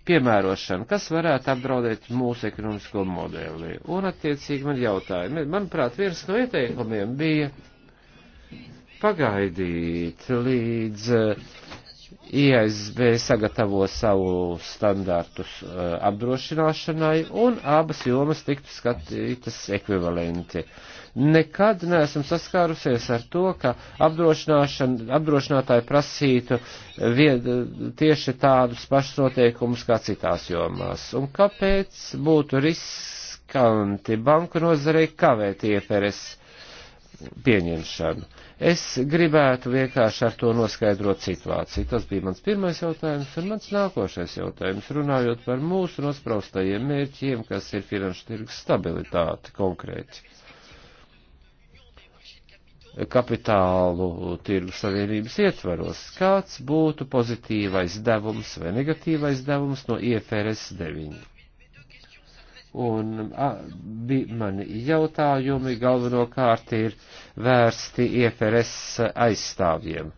piemērošana, kas varētu apdraudēt mūsu ekonomisko modeli. Un attiecīgi man jautājumi. Manuprāt, viens no ieteikumiem bija pagaidīt līdz eh, ISB sagatavo savu standārtus apdrošināšanai un abas jomas tiktu skatītas ekvivalenti. Uh, nekad neesam saskārusies ar to, ka apdrošinātāji prasītu vien, tieši tādus pašus noteikumus kā citās jomās. Un kāpēc būtu riskanti banku nozarei kavēt ieperes pieņemšanu? Es gribētu vienkārši ar to noskaidrot situāciju. Tas bija mans pirmais jautājums, un mans nākošais jautājums, runājot par mūsu nospraustajiem mērķiem, kas ir finanšu tirgus stabilitāte konkrēti kapitālu tirgu savienības ietvaros, kāds būtu pozitīvais devums vai negatīvais devums no IFRS 9. Un a, bi, mani jautājumi galvenokārt ir vērsti IFRS aizstāvjiem,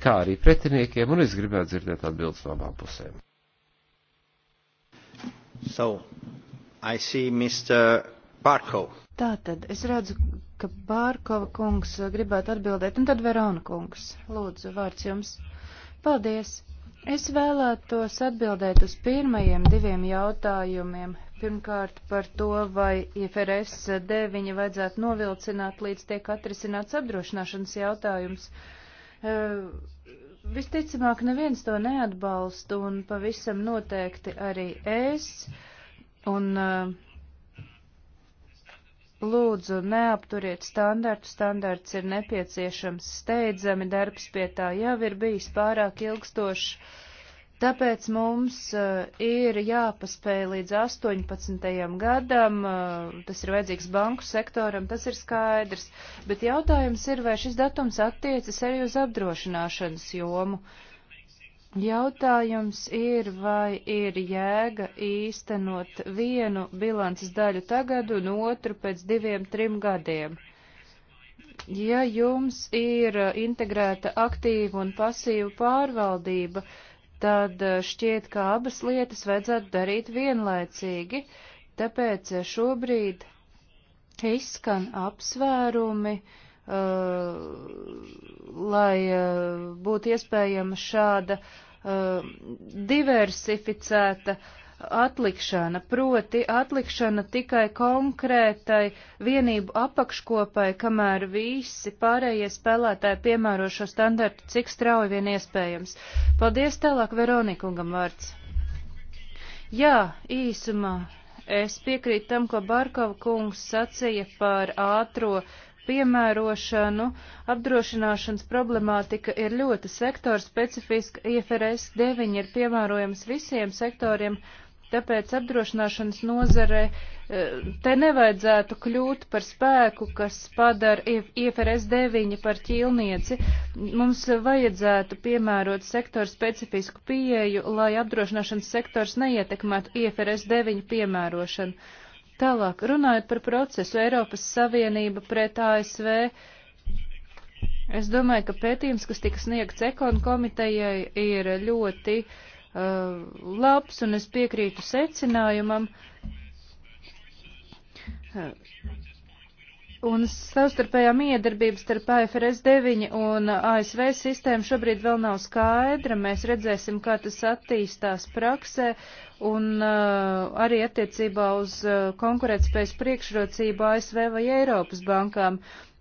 kā arī pretiniekiem, un es gribētu dzirdēt atbildes no abām pusēm. So, I see Mr. Barko. Tātad, es redzu ka Bārkova kungs gribētu atbildēt, un tad Verona kungs. Lūdzu, vārds jums. Paldies! Es vēlētos atbildēt uz pirmajiem diviem jautājumiem. Pirmkārt par to, vai IFRS 9 vajadzētu novilcināt, līdz tiek atrisināts apdrošināšanas jautājums. E, visticamāk, neviens to neatbalsta, un pavisam noteikti arī es. Un uh, Lūdzu, neapturiet standartu, standarts ir nepieciešams steidzami, darbs pie tā jau ir bijis pārāk ilgstošs, tāpēc mums uh, ir jāpaspēj līdz 18. gadam, uh, tas ir vajadzīgs banku sektoram, tas ir skaidrs, bet jautājums ir, vai šis datums attiecas arī uz apdrošināšanas jomu. Uh, Jautājums ir, vai ir jēga īstenot vienu bilances daļu tagad un otru pēc diviem, trim gadiem. Ja jums ir integrēta aktīva un pasīva pārvaldība, tad šķiet, ka abas lietas vajadzētu darīt vienlaicīgi, tāpēc šobrīd izskan apsvērumi, uh, Uh, lai uh, būtu iespējama šāda uh, diversificēta atlikšana, proti atlikšana tikai konkrētai vienību apakškopai, kamēr visi pārējie spēlētāji piemēro šo standartu, cik strauji vien iespējams. Paldies tālāk Veronikungam vārds. Jā, īsumā. Es piekrītu tam, ko Barkova kungs sacīja par ātro uh, piemērošanu, apdrošināšanas problemātika ir ļoti sektora specifiska. IFRS 9 ir piemērojams visiem sektoriem, tāpēc apdrošināšanas nozare eh, te nevajadzētu kļūt par spēku, kas padara IFRS 9 par ķīlnieci. Mums vajadzētu piemērot sektora specifisku pieeju, lai apdrošināšanas sektors neietekmētu IFRS 9 piemērošanu. Tālāk, runājot par procesu Eiropas Savienība pret ASV, es domāju, ka pētījums, kas tika sniegts ekonu komitejai, ir ļoti uh, labs, un es piekrītu secinājumam. Uh, Un savstarpējā miedarbības starp AFRS 9 un ASV sistēmu šobrīd vēl nav skaidra. Mēs redzēsim, kā tas attīstās praksē un uh, arī attiecībā uz uh, konkurētspējas priekšrocību ASV vai Eiropas bankām.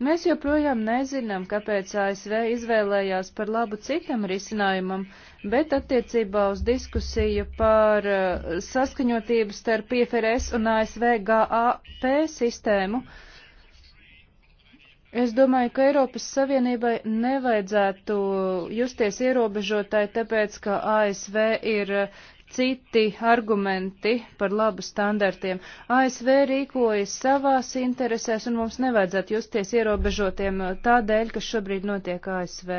Mēs joprojām nezinām, kāpēc ASV izvēlējās par labu citam risinājumam, bet attiecībā uz diskusiju par uh, saskaņotību starp IFRS un ASV GAP sistēmu. Uh, Es domāju, ka Eiropas Savienībai nevajadzētu justies ierobežotai, tāpēc, ka ASV ir eh, citi argumenti par labu standartiem. ASV rīkojas savās interesēs, un mums nevajadzētu justies ierobežotiem eh, tādēļ, kas šobrīd notiek ASV.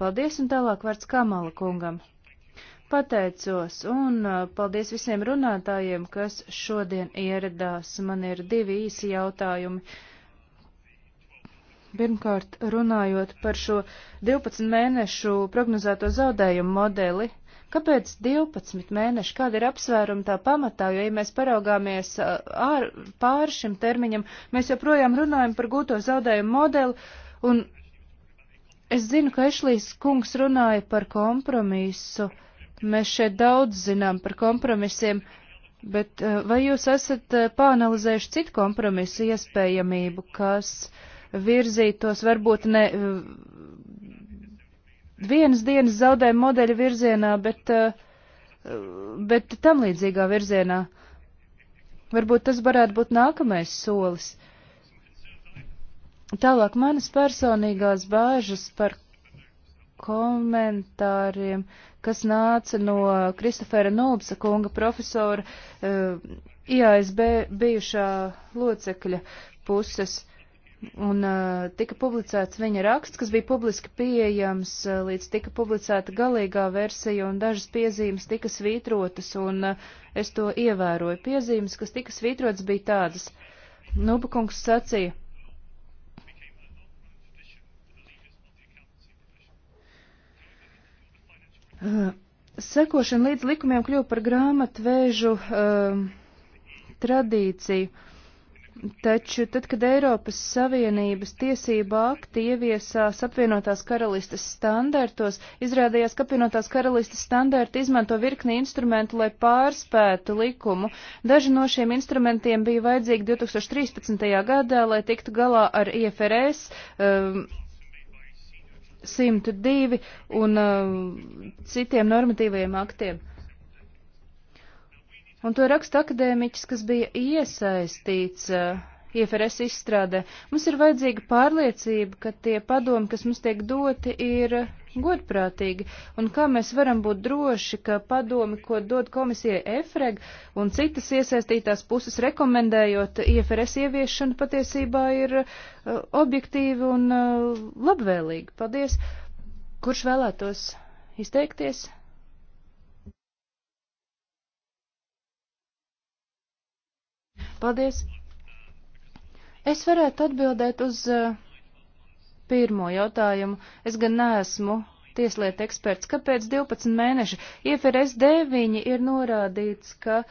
Paldies, un tālāk vārds Kamala kungam. Pateicos, un eh, paldies visiem runātājiem, kas šodien ieradās. Man ir divi īsi jautājumi. Pirmkārt, runājot par šo 12 mēnešu prognozēto zaudējumu modeli, kāpēc 12 mēneši, kāda ir apsvēruma tā pamatā, jo, ja mēs paraugāmies ār, pār šim termiņam, mēs joprojām runājam par gūto zaudējumu modeli, un es zinu, ka Ešlīs kungs runāja par kompromisu, mēs šeit daudz zinām par kompromisiem, bet vai jūs esat pāanalizējuši citu kompromisu iespējamību, kas. Uh, virzītos varbūt ne vienas dienas zaudējuma modeļa virzienā, bet, bet tam līdzīgā virzienā. Varbūt tas varētu būt nākamais solis. Tālāk manas personīgās bāžas par komentāriem, kas nāca no Kristofera Nulbsa kunga profesora eh, IASB bijušā locekļa puses un uh, tika publicēts viņa raksts, kas bija publiski pieejams, uh, līdz tika publicēta galīgā versija, un dažas piezīmes tika svītrotas, un uh, es to ievēroju. Piezīmes, kas tika svītrotas, bija tādas. Nubakungs sacīja. Uh, sekošana līdz likumiem kļuva par grāmatvēžu uh, tradīciju. Uh, Taču tad, kad Eiropas Savienības tiesība akti ieviesās apvienotās karalistes standartos, izrādījās, ka apvienotās karalistes standarti izmanto virkni instrumentu, lai pārspētu likumu. Daži no šiem instrumentiem bija vajadzīgi 2013. gadā, lai tiktu galā ar IFRS. Um, 102 un uh, um, citiem normatīviem aktiem. Uh, Un to raksta akadēmiķis, kas bija iesaistīts uh, eh, IFRS izstrādē. Mums ir vajadzīga pārliecība, ka tie padomi, kas mums tiek doti, ir uh, godprātīgi. Un kā mēs varam būt droši, ka padomi, ko dod komisija EFREG un citas iesaistītās puses rekomendējot IFRS ieviešanu, patiesībā ir uh, objektīvi un eh, labvēlīgi. Paldies. Kurš vēlētos izteikties? Paldies! Es varētu atbildēt uz eh, pirmo jautājumu. Es gan neesmu tieslietu eksperts. Kāpēc 12 mēneši? IFRS 9 ir norādīts, ka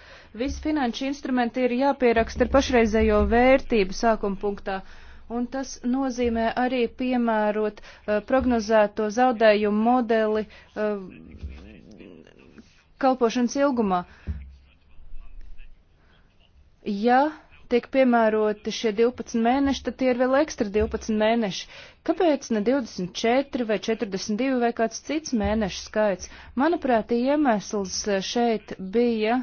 visi finanšu instrumenti ir jāpieraksta ar pašreizējo vērtību sākuma punktā. Un tas nozīmē arī piemērot uh, prognozēto zaudējumu modeli uh, kalpošanas ilgumā. Uh, ja tiek piemēroti šie 12 mēneši, tad tie ir vēl ekstra 12 mēneši. Kāpēc ne 24 vai 42 vai kāds cits mēnešu skaits? Manuprāt, iemesls šeit bija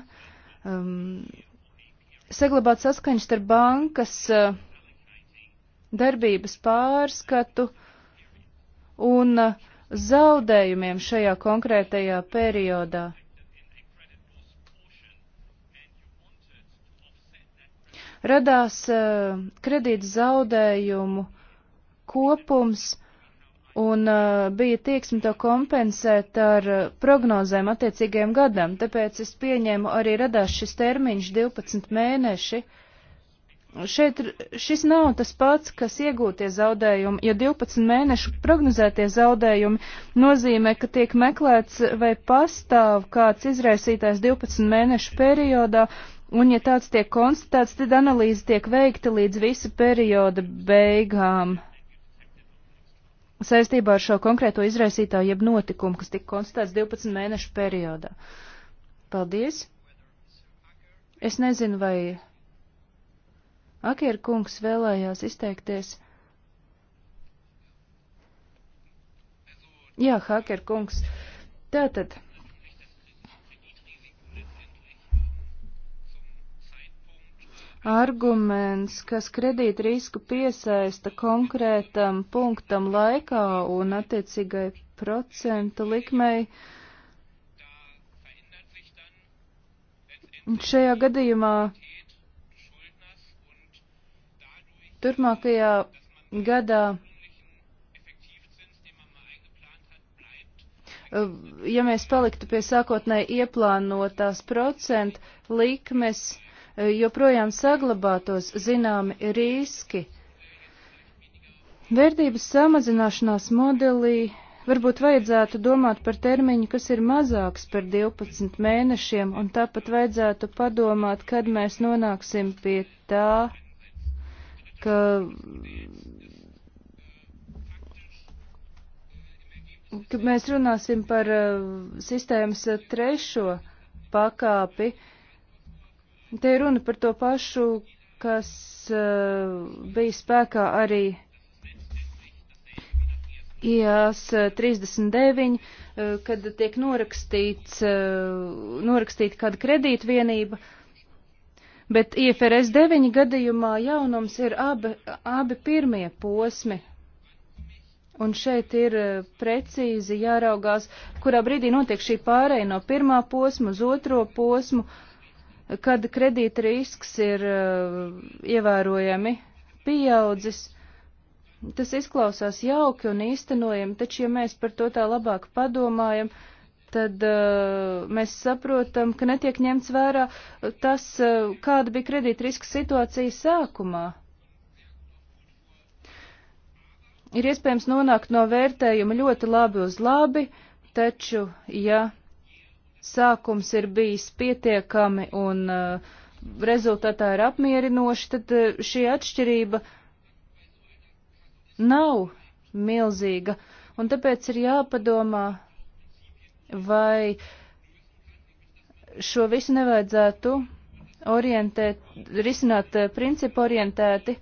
um, saglabāt saskaņas ar bankas uh, darbības pārskatu un uh, zaudējumiem šajā konkrētajā periodā. radās uh, kredīta zaudējumu kopums un uh, bija tieksme to kompensēt ar uh, prognozēm attiecīgajam gadam, tāpēc es pieņēmu arī radās šis termiņš 12 mēneši. Šeit šis nav tas pats, kas iegūtie zaudējumi, jo 12 mēnešu prognozētie zaudējumi nozīmē, ka tiek meklēts vai pastāv kāds izraisītājs 12 mēnešu periodā, uh, Un, ja tāds tiek konstatēts, tad analīze tiek veikta līdz visa perioda beigām saistībā ar šo konkrēto izraisītāju jeb notikumu, kas tika konstatēts 12 mēnešu periodā. Paldies! Es nezinu, vai Akieru kungs vēlējās izteikties. Jā, Haker kungs. Tātad. arguments, kas kredīt risku piesaista konkrētam punktam laikā un attiecīgai procentu likmei. Šajā gadījumā turpmākajā gadā ja mēs paliktu pie sākotnēji ieplānotās procentu likmes, Eh, joprojām saglabātos zināmi riski. Vērtības samazināšanās modelī varbūt vajadzētu domāt par termiņu, kas ir mazāks par 12 mēnešiem, un tāpat vajadzētu padomāt, kad mēs nonāksim pie tā, ka kad mēs runāsim par uh, sistēmas eh, trešo pakāpi, uh, Te ir runa par to pašu, kas uh, bija spēkā arī IAS 39, uh, eh, kad tiek norakstīts, uh, norakstīta kāda kredītvienība, bet IFRS 9 gadījumā jaunums ir abi, abi pirmie posmi, Un šeit ir precīzi jāraugās, kurā brīdī notiek šī pārēja no pirmā posma uz otro posmu, kad kredīta risks ir eh, ievērojami pieaudzis. Tas izklausās jauki un īstenojami, taču, ja mēs par to tā labāk padomājam, tad uh, mēs saprotam, ka netiek ņemts vērā tas, uh, kāda bija kredīta riska situācija sākumā. Ir iespējams nonākt no vērtējuma ļoti labi uz labi, taču, ja sākums ir bijis pietiekami un uh, rezultātā ir apmierinoši, tad uh, šī atšķirība nav milzīga. Un tāpēc ir jāpadomā, vai šo visu nevajadzētu orientēt, risināt eh, principu orientēti,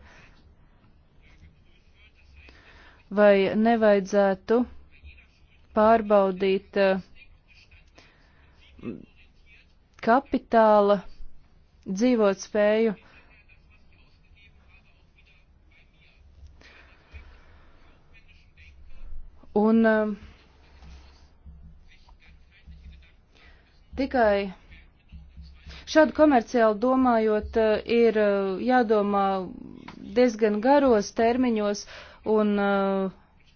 vai nevajadzētu pārbaudīt uh, kapitāla dzīvot spēju. Un um, tikai šādu komerciāli domājot, uh, ir uh, jādomā diezgan garos termiņos un uh,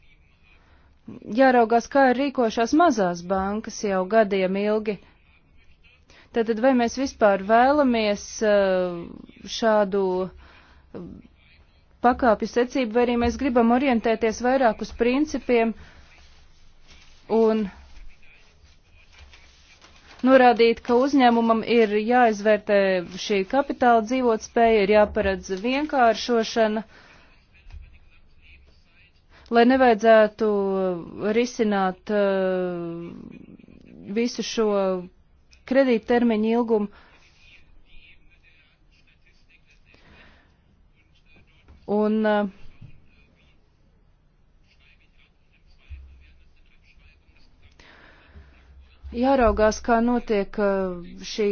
jāraugās, kā ir rīkošās mazās bankas jau gadiem ilgi. Tātad vai mēs vispār vēlamies uh, šādu uh, pakāpju secību, vai arī mēs gribam orientēties vairāk uz principiem un norādīt, ka uzņēmumam ir jāizvērtē šī kapitāla dzīvotspēja, ir jāparedz vienkāršošana, lai nevajadzētu risināt uh, visu šo kredīttermiņa ilgumu. Un uh, jāraugās, kā notiek uh, šī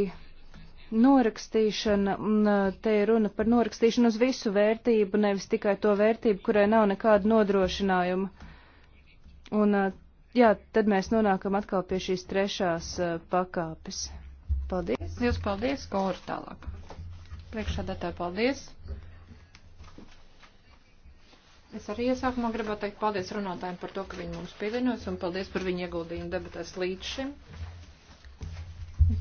norakstīšana, un uh, te ir runa par norakstīšanu uz visu vērtību, nevis tikai to vērtību, kurai nav nekāda nodrošinājuma. Un uh, jā, tad mēs nonākam atkal pie šīs trešās uh, pakāpes. Paldies. Jūs paldies, Kora tālāk. Priekšādātāji, paldies. Es arī iesākumā gribētu teikt paldies runātājiem par to, ka viņi mums pievienojas un paldies par viņu ieguldījumu debatēs līdz šim.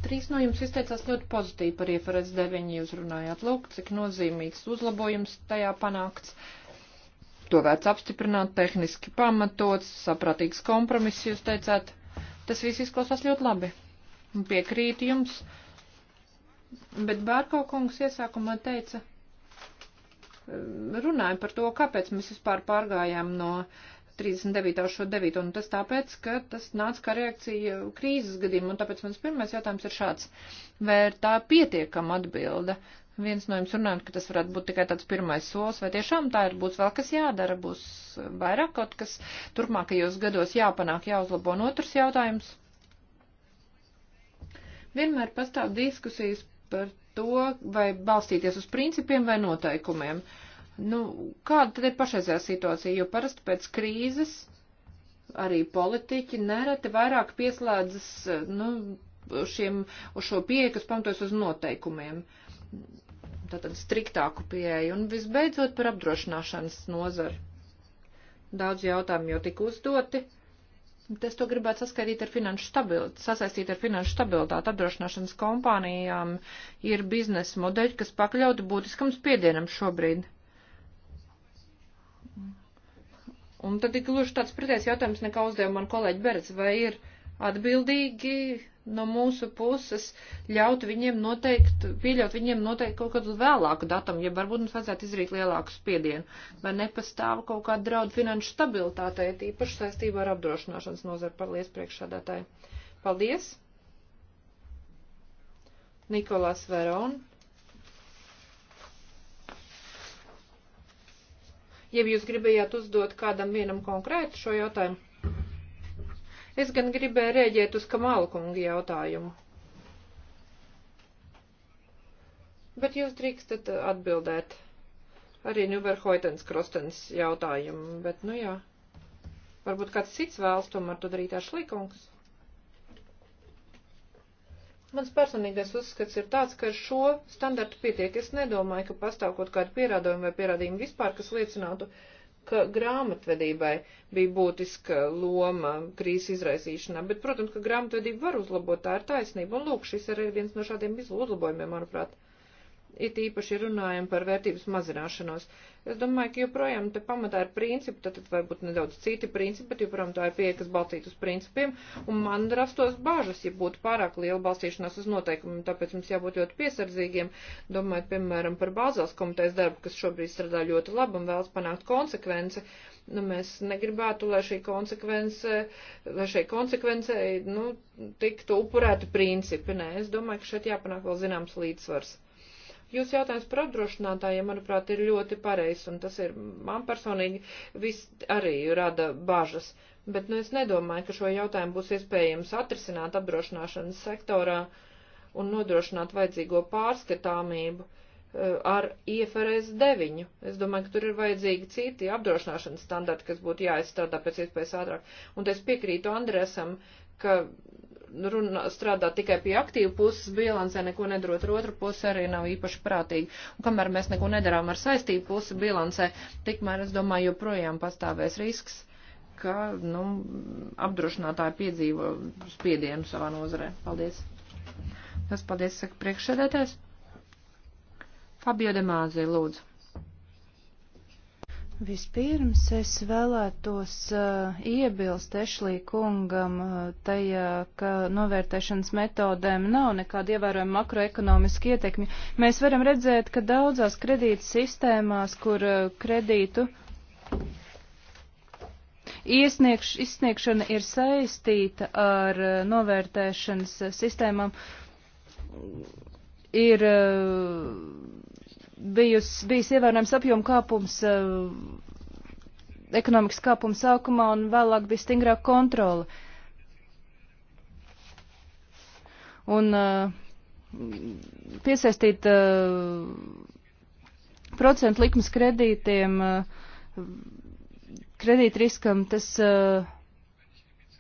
Trīs no jums izteicās ļoti pozitīvi par IFRS 9, jūs runājāt, lūk, cik nozīmīgs uzlabojums tajā panākts. Uh, To vērts apstiprināt, tehniski pamatots, saprātīgs kompromiss, jūs teicāt. Tas viss izklausās ļoti labi. Piekrītu jums. Bet Bērko kungs iesākumā teica, runāja par to, kāpēc mēs vispār pārgājām no uh, 39. šo 9. un tas tāpēc, ka tas nāca kā reakcija krīzes gadījumā, un tāpēc mans pirmais jautājums ir šāds. Vai ir tā pietiekama atbilda? Viens no jums runājot, ka tas varētu būt tikai tāds pirmais solis, vai tiešām tā ir, būs vēl kas jādara, būs vairāk kaut kas turpmākajos gados jāpanāk, jāuzlabo. Un otrs jautājums. Vienmēr pastāv diskusijas par to, vai balstīties uz principiem vai noteikumiem. Uh, Nu, kāda tad ir pašreizējā situācija? Jo parasti pēc krīzes arī politiķi nereti vairāk pieslēdzas, nu, šiem, uz šo pieeju, kas pamatojas uz noteikumiem. Tātad striktāku pieeju. Un visbeidzot par apdrošināšanas nozari. Daudz jautājumu jau tika uzdoti. Es to gribētu saskaitīt ar finanšu stabilitāti, sasaistīt ar finanšu stabilitāti. Apdrošināšanas kompānijām ir biznesa modeļi, kas pakļauti būtiskam spiedienam šobrīd Un tad ir gluži tāds pretējs jautājums, nekā uzdeva man kolēģi Berets, vai ir atbildīgi no mūsu puses ļaut viņiem noteikt, pieļaut viņiem noteikt kaut kādu vēlāku datumu, ja varbūt mums vajadzētu izrīt lielāku spiedienu, vai nepastāv kaut kāda draudu finanšu stabilitātei, tīpaši saistībā ar apdrošināšanas nozaru. Paldies priekšādātāji. Paldies! Nikolās Verona. ja jūs gribējāt uzdot kādam vienam konkrētu šo jautājumu. Es gan gribēju rēģēt uz Kamalkunga jautājumu. Bet jūs drīkstat atbildēt arī Nuberhoitens Krostens jautājumu, bet nu jā. Varbūt kāds cits vēlas tomēr to darīt ar šlikungs. Mans personīgais uzskats ir tāds, ka šo standartu pietiek. Es nedomāju, ka pastāv kaut kāda pierādojuma vai pierādījuma vispār, kas liecinātu, ka grāmatvedībai bija būtiska loma krīzes izraisīšanā, bet, protams, ka grāmatvedība var uzlabot, tā ir taisnība, un lūk, šis arī ir viens no šādiem uzlabojumiem, manuprāt it īpaši runājam par vērtības mazināšanos. Es domāju, ka joprojām te pamatā ir principi, tad, tad varbūt nedaudz citi principi, bet joprojām tā ir pieeja, kas balstīta uz principiem, un man rastos bažas, ja būtu pārāk liela balstīšanās uz noteikumiem, tāpēc mums jābūt ļoti piesardzīgiem, domājot, piemēram, par bāzās komitejas darbu, kas šobrīd strādā ļoti labi un vēlas panākt konsekvenci. Nu, mēs negribētu, lai šī konsekvence, lai šai konsekvencei, nu, tiktu upurēti principi. Nē, es domāju, ka šeit jāpanāk vēl zināms līdzsvars. Jūs jautājums par apdrošinātājiem, manuprāt, ir ļoti pareizs, un tas ir man personīgi viss arī rada bažas. Bet, nu, es nedomāju, ka šo jautājumu būs iespējams atrisināt apdrošināšanas sektorā un nodrošināt vajadzīgo pārskatāmību eh, ar IFRS 9. Es domāju, ka tur ir vajadzīgi citi apdrošināšanas standarti, kas būtu jāizstrādā pēc iespējas ātrāk. Un es piekrītu Andresam, ka runā, strādā tikai pie aktīvu puses bilancē, neko nedarot ar otru pusi, arī nav īpaši prātīgi. Un kamēr mēs neko nedarām ar saistību pusi bilancē, tikmēr, es domāju, joprojām pastāvēs risks, ka, nu, apdrošinātāji piedzīvo spiedienu savā nozarē. Paldies. Tas paldies, saka priekšsēdētājs. Fabio Demāzi, lūdzu. Vispirms es vēlētos uh, iebilst Ešlī kungam uh, tajā, ka novērtēšanas metodēm nav nekāda ievērojama makroekonomiska ietekmi. Mēs varam redzēt, ka daudzās kredītas sistēmās, kur uh, kredītu iesniegš, izsniegšana ir saistīta ar uh, novērtēšanas sistēmām, ir. Uh, bijus, bijis ievērojams apjomu kāpums, eh, ekonomikas kāpums sākumā un vēlāk bija stingrāk kontrola. Un eh, piesaistīt eh, procentu likmes kredītiem, kredītriskam, tas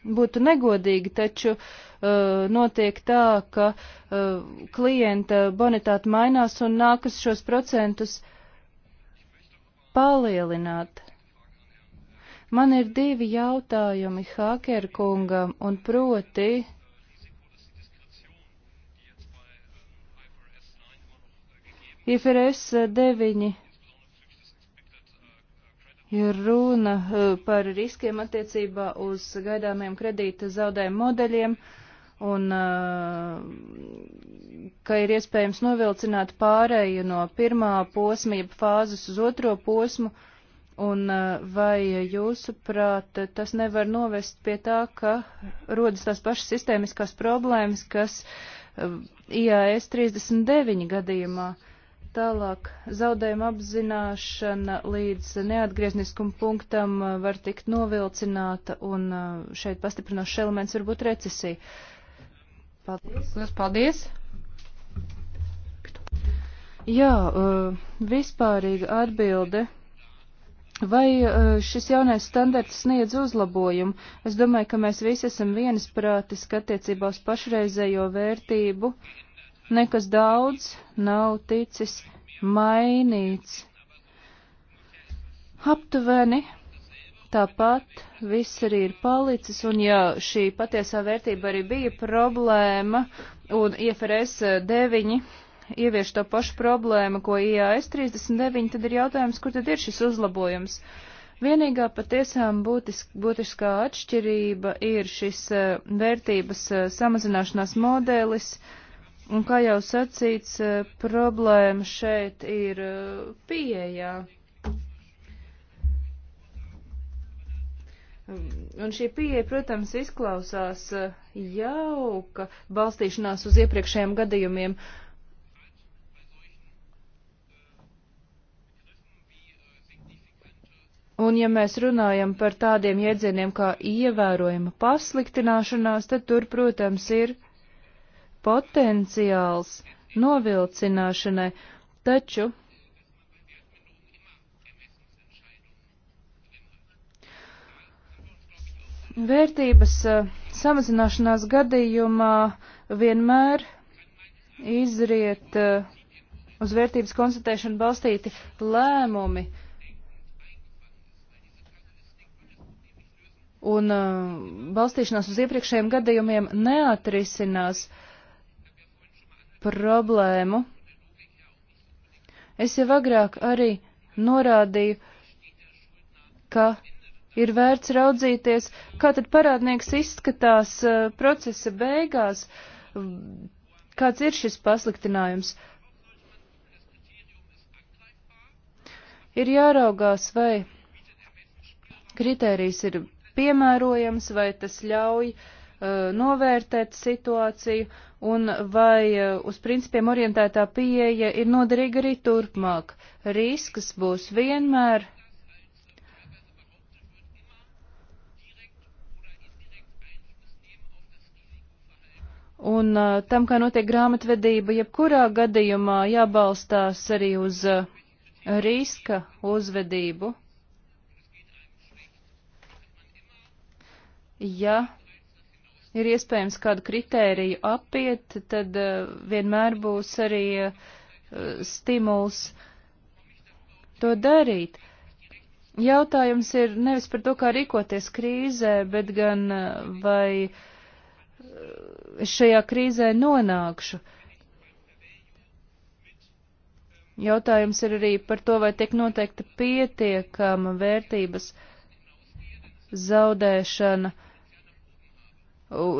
būtu negodīgi, taču uh, Eh, notiek tā, ka eh, klienta bonitāte mainās un nākas šos procentus palielināt. Man ir divi jautājumi Hakerkungam un proti. IFRS 9 ir runa eh, par riskiem attiecībā uz gaidāmiem kredīta zaudējumu modeļiem. Uh, un eh, ka ir iespējams novilcināt pārēju no pirmā posmība fāzes uz otro posmu, un eh, vai jūsuprāt tas nevar novest pie tā, ka rodas tās pašas sistēmiskās problēmas, kas eh, IAS 39 gadījumā tālāk zaudējuma apzināšana līdz neatgriezniskuma punktam var tikt novilcināta, un šeit pastiprinošs elements var būt recesija. Uh, Paldies. Lielas paldies. Jā, uh, vispārīga atbilde. Vai uh, šis jaunais standarts sniedz uzlabojumu? Es domāju, ka mēs visi esam vienisprātiski attiecībā uz pašreizējo vērtību. Nekas daudz nav ticis mainīts. Aptuveni Tāpat viss arī ir palicis, un ja šī patiesā vērtība arī bija problēma, un IFRS 9 ievieš to pašu problēmu, ko IAS 39, tad ir jautājums, kur tad ir šis uzlabojums. Vienīgā patiesām būtisk, būtiskā atšķirība ir šis e, vērtības e, samazināšanās modelis, un kā jau sacīts, e, problēma šeit ir pieejā. Un šī pieeja, protams, izklausās eh, jauka balstīšanās uz iepriekšējiem gadījumiem. Un ja mēs runājam par tādiem iedzieniem kā ievērojama pasliktināšanās, tad tur, protams, ir potenciāls novilcināšanai, taču Vērtības samazināšanās gadījumā vienmēr izriet uz vērtības konstatēšanu balstīti lēmumi. Un uh, balstīšanās uz iepriekšējiem gadījumiem neatrisinās problēmu. Es jau agrāk arī norādīju, ka ir vērts raudzīties, kā tad parādnieks izskatās uh, procesa beigās, kāds ir šis pasliktinājums. Ir jāraugās, vai kritērijs ir piemērojams, vai tas ļauj uh, novērtēt situāciju un vai uh, uz principiem orientētā pieeja ir noderīga arī turpmāk. Risks būs vienmēr Un uh, tam, kā notiek grāmatvedība, jebkurā gadījumā jābalstās arī uz uh, riska uzvedību. Ja ir iespējams kādu kritēriju apiet, tad uh, vienmēr būs arī uh, stimuls to darīt. Jautājums ir nevis par to, kā rīkoties krīzē, bet gan uh, vai uh, es šajā krīzē nonākšu. Jautājums ir arī par to, vai tiek noteikta pietiekama vērtības zaudēšana.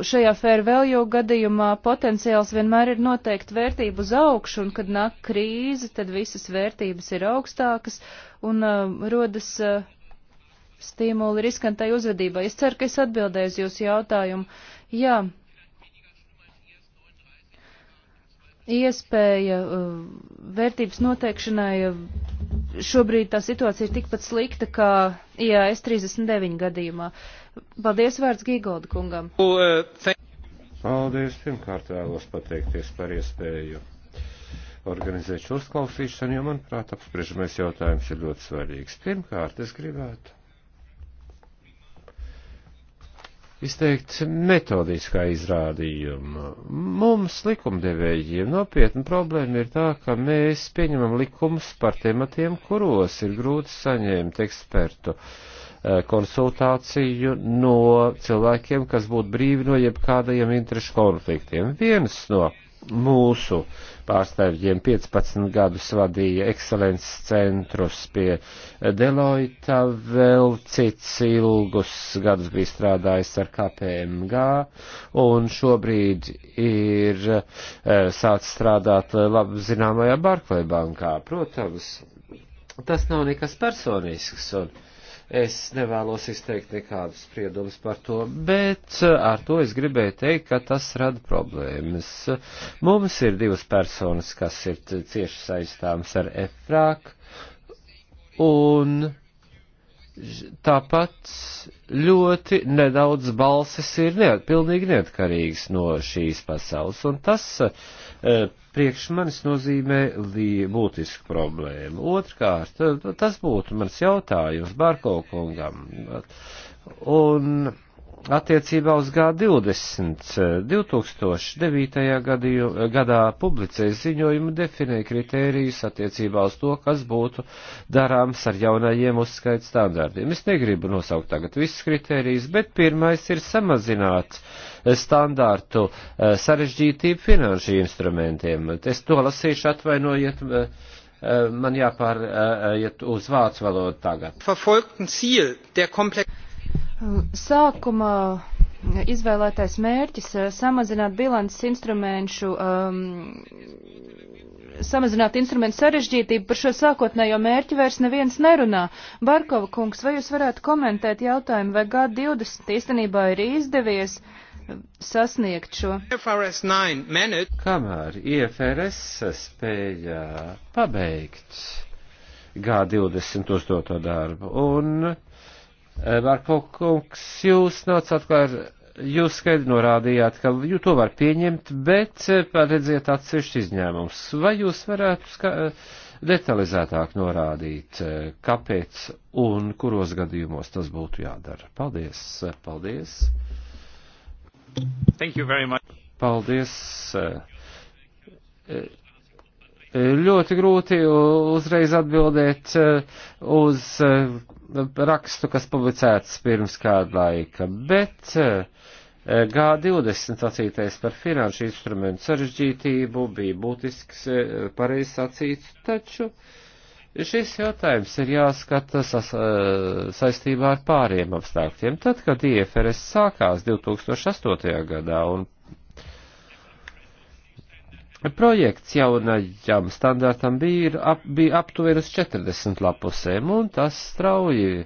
Šajā fairvalue gadījumā potenciāls vienmēr ir noteikti vērtību uz augšu, un kad nāk krīze, tad visas vērtības ir augstākas un uh, rodas uh, stimuli riskantai uzvedībai. Es ceru, ka es atbildēju uz jūsu jautājumu. Jā, iespēja uh, vērtības noteikšanai uh, šobrīd tā situācija ir tikpat slikta kā IAS 39 gadījumā. Paldies vārds Gīgolda kungam. Uh, Paldies, pirmkārt vēlos pateikties par iespēju organizēt šo uzklausīšanu, jo, manuprāt, apspriežamais jautājums ir ļoti svarīgs. Pirmkārt, es gribētu izteikt metodiskā izrādījuma. Mums likumdevējiem nopietna problēma ir tā, ka mēs pieņemam likumus par tematiem, kuros ir grūti saņemt ekspertu eh, konsultāciju no cilvēkiem, kas būtu brīvi no jebkādajiem interešu konfliktiem. Viens no mūsu uh, pārstāvjiem 15 gadus vadīja ekscelences centrus pie Deloita, vēl cits ilgus gadus bija strādājis ar KPMG un šobrīd ir e, sācis strādāt eh, labi zināmajā Barclay bankā. Protams, tas nav nekas personisks. Un, Es nevēlos izteikt nekādus spriedumus par to, bet eh, ar to es gribēju teikt, ka tas rada problēmas. Mums ir divas personas, kas ir cieši saistāmas ar EFRAK, un Tāpat ļoti nedaudz balsis ir neat, pilnīgi neatkarīgs no šīs pasaules, un tas e, priekš manis nozīmē būtisku problēmu. Otrkārt, eh, tas būtu mans jautājums Barko kungam. Un attiecībā uz G20 2009. Gadīju, gadā publicēja ziņojumu definēja kritērijus attiecībā uz to, kas būtu darāms ar jaunajiem uzskaits standārtiem. Es negribu nosaukt tagad visus kritērijus, bet pirmais ir samazināt eh, standārtu eh, sarežģītību finanšu instrumentiem. Es to lasīšu atvainojiet. Eh, man jāpāriet uz vācu valodu tagad. Verfolgten Ziel der komplexen Um, sākumā izvēlētais mērķis uh, - samazināt bilances instrumentu, um, samazināt instrumentu sarežģītību. Par šo sākotnējo mērķi vairs neviens nerunā. Barkova kungs, vai jūs varētu komentēt jautājumu, vai G20 īstenībā ir izdevies? Um, sasniegt šo. Kamēr IFRS spēja pabeigt G20 uzdoto darbu un Eh, Marko kungs, jūs nācāt kā ar, jūs skaidri norādījāt, ka jūs to var pieņemt, bet eh, paredziet atsevišķi izņēmums. Vai jūs varētu ska, eh, detalizētāk norādīt, kāpēc un kuros gadījumos tas būtu jādara? Paldies, paldies. Thank you very much. Paldies. Ļoti grūti uzreiz atbildēt uz rakstu, kas publicēts pirms kāda laika, bet eh, G20 sacītais par finanšu instrumentu sarežģītību bija būtisks, eh, pareizi sacīts, taču šis jautājums ir jāskata sas, eh, saistībā ar pāriem apstākļiem. Tad, kad IFRS sākās 2008. gadā un Projekts jaunajam standartam bija, ap, bija aptuveni uz 40 lapusēm, un tas strauji e,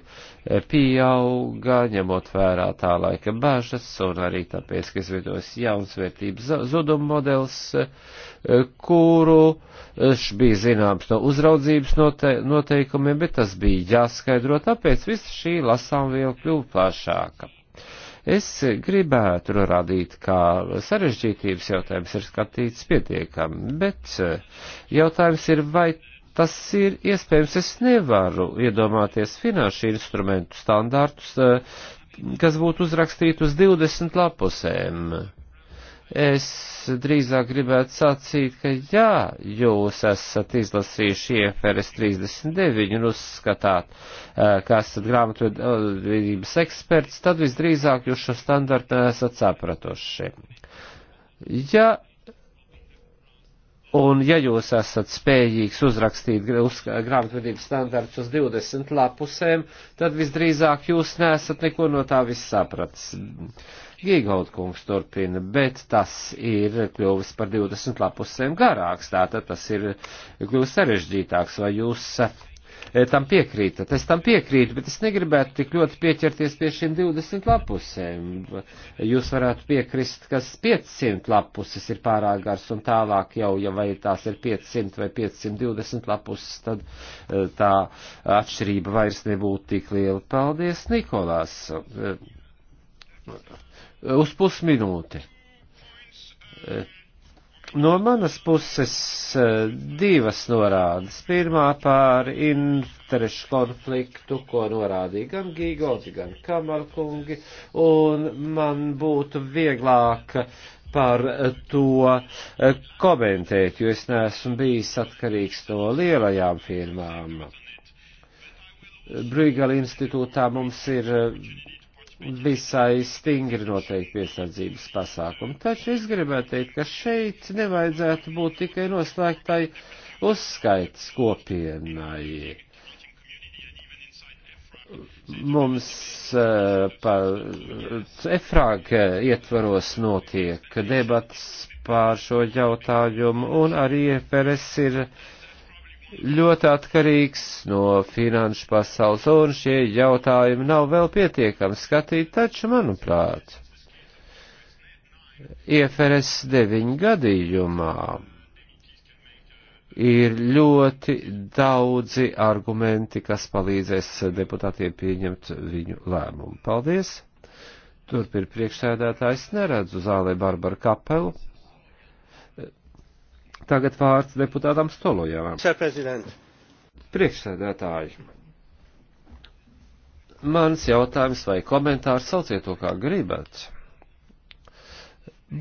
pieauga, ņemot vērā tā laika bažas, un arī tāpēc, ka izveidojas jauns vērtības zuduma modelis, e, kuru e, bija zināms no uzraudzības note, noteikumiem, bet tas bija jāskaidro, tāpēc visa šī lasāmviela kļuva plašāka. Es gribētu norādīt, kā sarežģītības jautājums ir skatīts pietiekami, bet eh, jautājums ir, vai tas ir iespējams. Es nevaru iedomāties finanšu instrumentu standārtus, eh, kas būtu uzrakstīti uz 20 lapusēm Es drīzāk gribētu sacīt, ka jā, jūs esat izlasījuši IFRS 39 un uzskatāt, ka esat grāmatvedības eksperts, tad visdrīzāk jūs šo standartu esat sapratoši. Ja Un ja jūs esat spējīgs uzrakstīt uz grāmatvedības standarts uz 20 lapusēm, tad visdrīzāk jūs nesat neko no tā viss sapratis. Gīgaut kungs turpina, bet tas ir kļuvis par 20 lapusēm garāks, tātad tas ir kļuvis sarežģītāks, vai jūs eh, tam piekrītat. Es tam piekrītu, bet es negribētu tik ļoti pieķerties pie šiem 20 lapusēm. Jūs varētu piekrist, ka 500 lapuses ir pārāk gars un tālāk jau, ja vai tās ir 500 vai 520 lapuses, tad eh, tā atšķirība vairs nebūtu tik liela. Paldies, Nikolās! uz pusminūti. No manas puses eh, divas norādes. Pirmā pār interešu konfliktu, ko norādīja gan Gīgoldi, gan Kamarkungi, un man būtu vieglāk par to eh, komentēt, jo es neesmu bijis atkarīgs no lielajām firmām. Brīgala institūtā mums ir eh, visai stingri noteikti piesardzības pasākumi. Taču es gribētu teikt, ka šeit nevajadzētu būt tikai noslēgtai uzskaits kopienai. Mums uh, eh, pa efrāg ietvaros notiek debats pār šo jautājumu, un arī e FRS ir uh, ļoti atkarīgs no finanšu pasaules, un šie jautājumi nav vēl pietiekami skatīt, taču, manuprāt, IFRS 9 gadījumā ir ļoti daudzi argumenti, kas palīdzēs deputātiem pieņemt viņu lēmumu. Paldies! Turpin priekšsēdētājs neredzu zālē Barbara Kapelu. Tagad vārds deputātam Stolojām. Priekšsēdētāji, mans jautājums vai komentārs sauciet to, kā gribat,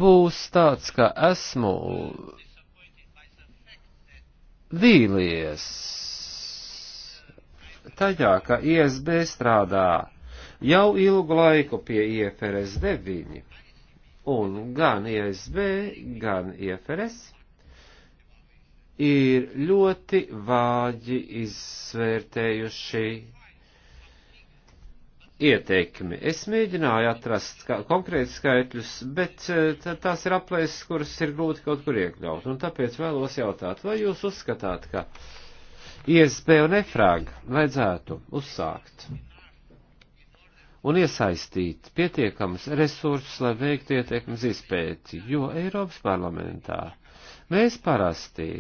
būs tāds, ka esmu vīlies tajā, ka ISB strādā jau ilgu laiku pie IFRS 9, un gan ISB, gan IFRS ir ļoti vāģi izvērtējuši ieteikumi. Es mēģināju atrast konkrēti skaitļus, bet e, tās ir aplēses, kuras ir grūti kaut kur iekļaut, un tāpēc vēlos jautāt, vai jūs uzskatāt, ka ISP un EFRAG vajadzētu uzsākt un iesaistīt pietiekamus resursus, lai veiktu ieteikums izpēti, jo Eiropas parlamentā mēs parasti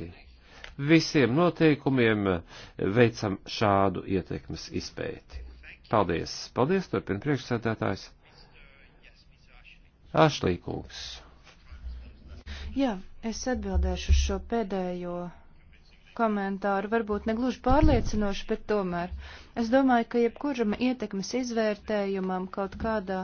visiem noteikumiem veicam šādu ietekmes izpēti. Paldies! Paldies, turpina priekšsēdētājs. Ašlīkungs. Jā, es atbildēšu uz šo pēdējo komentāru, varbūt negluži pārliecinoši, bet tomēr. Es domāju, ka jebkuram ietekmes izvērtējumam kaut kādā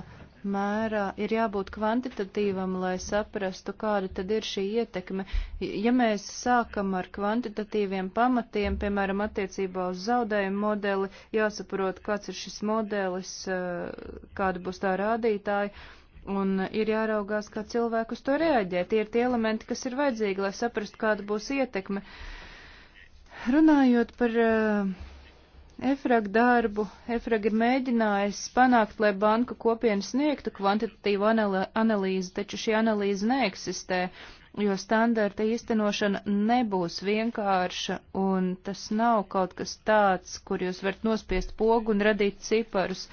mērā ir jābūt kvantitatīvam, lai saprastu, kāda tad ir šī ietekme. Ja mēs sākam ar kvantitatīviem pamatiem, piemēram, attiecībā uz zaudējumu modeli, jāsaprot, kāds ir šis modelis, eh, kāda būs tā rādītāja. Un ir jāraugās, kā cilvēku uz to reaģē. Tie ir tie elementi, kas ir vajadzīgi, lai saprastu, kāda būs ietekme. Runājot par uh, EFRAG darbu. EFRAG ir mēģinājis panākt, lai banka kopiena sniegtu kvantitatīvu analīzi, taču šī analīze neeksistē, jo standarta īstenošana nebūs vienkārša un tas nav kaut kas tāds, kur jūs varat nospiest pogu un radīt ciparus.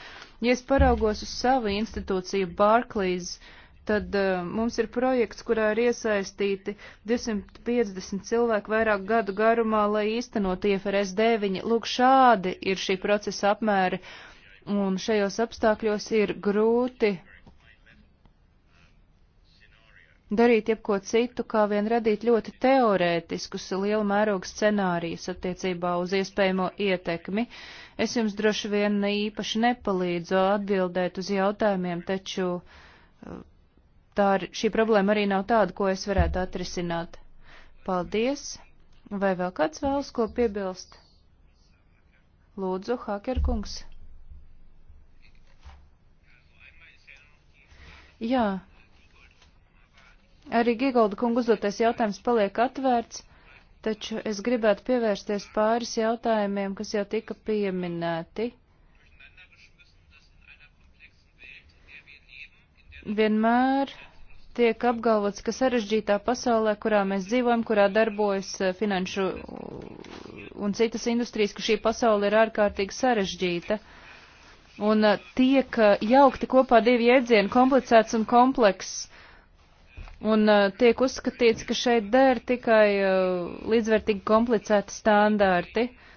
Ja es paraugos uz savu institūciju Barclays, uh, tad uh, mums ir projekts, kurā ir iesaistīti 250 cilvēki vairāk gadu garumā, lai īstenot IFRS 9. Lūk, šādi ir šī procesa apmēri, un šajos apstākļos ir grūti darīt jebko citu, kā vien radīt ļoti teorētiskus liela mēroga scenārijus attiecībā uz iespējamo ietekmi. Es jums droši vien īpaši nepalīdzu atbildēt uz jautājumiem, taču uh, tā ir, šī problēma arī nav tāda, ko es varētu atrisināt. Paldies! Vai vēl kāds vēlas ko piebilst? Lūdzu, Hakerkungs. Jā. Arī Gigolda kungu uzdotais jautājums paliek atvērts, taču es gribētu pievērsties pāris jautājumiem, kas jau tika pieminēti. vienmēr tiek apgalvots, ka sarežģītā pasaulē, kurā mēs dzīvojam, kurā darbojas eh, finanšu un citas industrijas, ka šī pasaule ir ārkārtīgi sarežģīta. Un eh, tiek eh, jaukti kopā divi jēdzieni - komplicēts un komplekss. Un tiek uzskatīts, ka šeit der tikai līdzvērtīgi komplicēti standārti. Uh,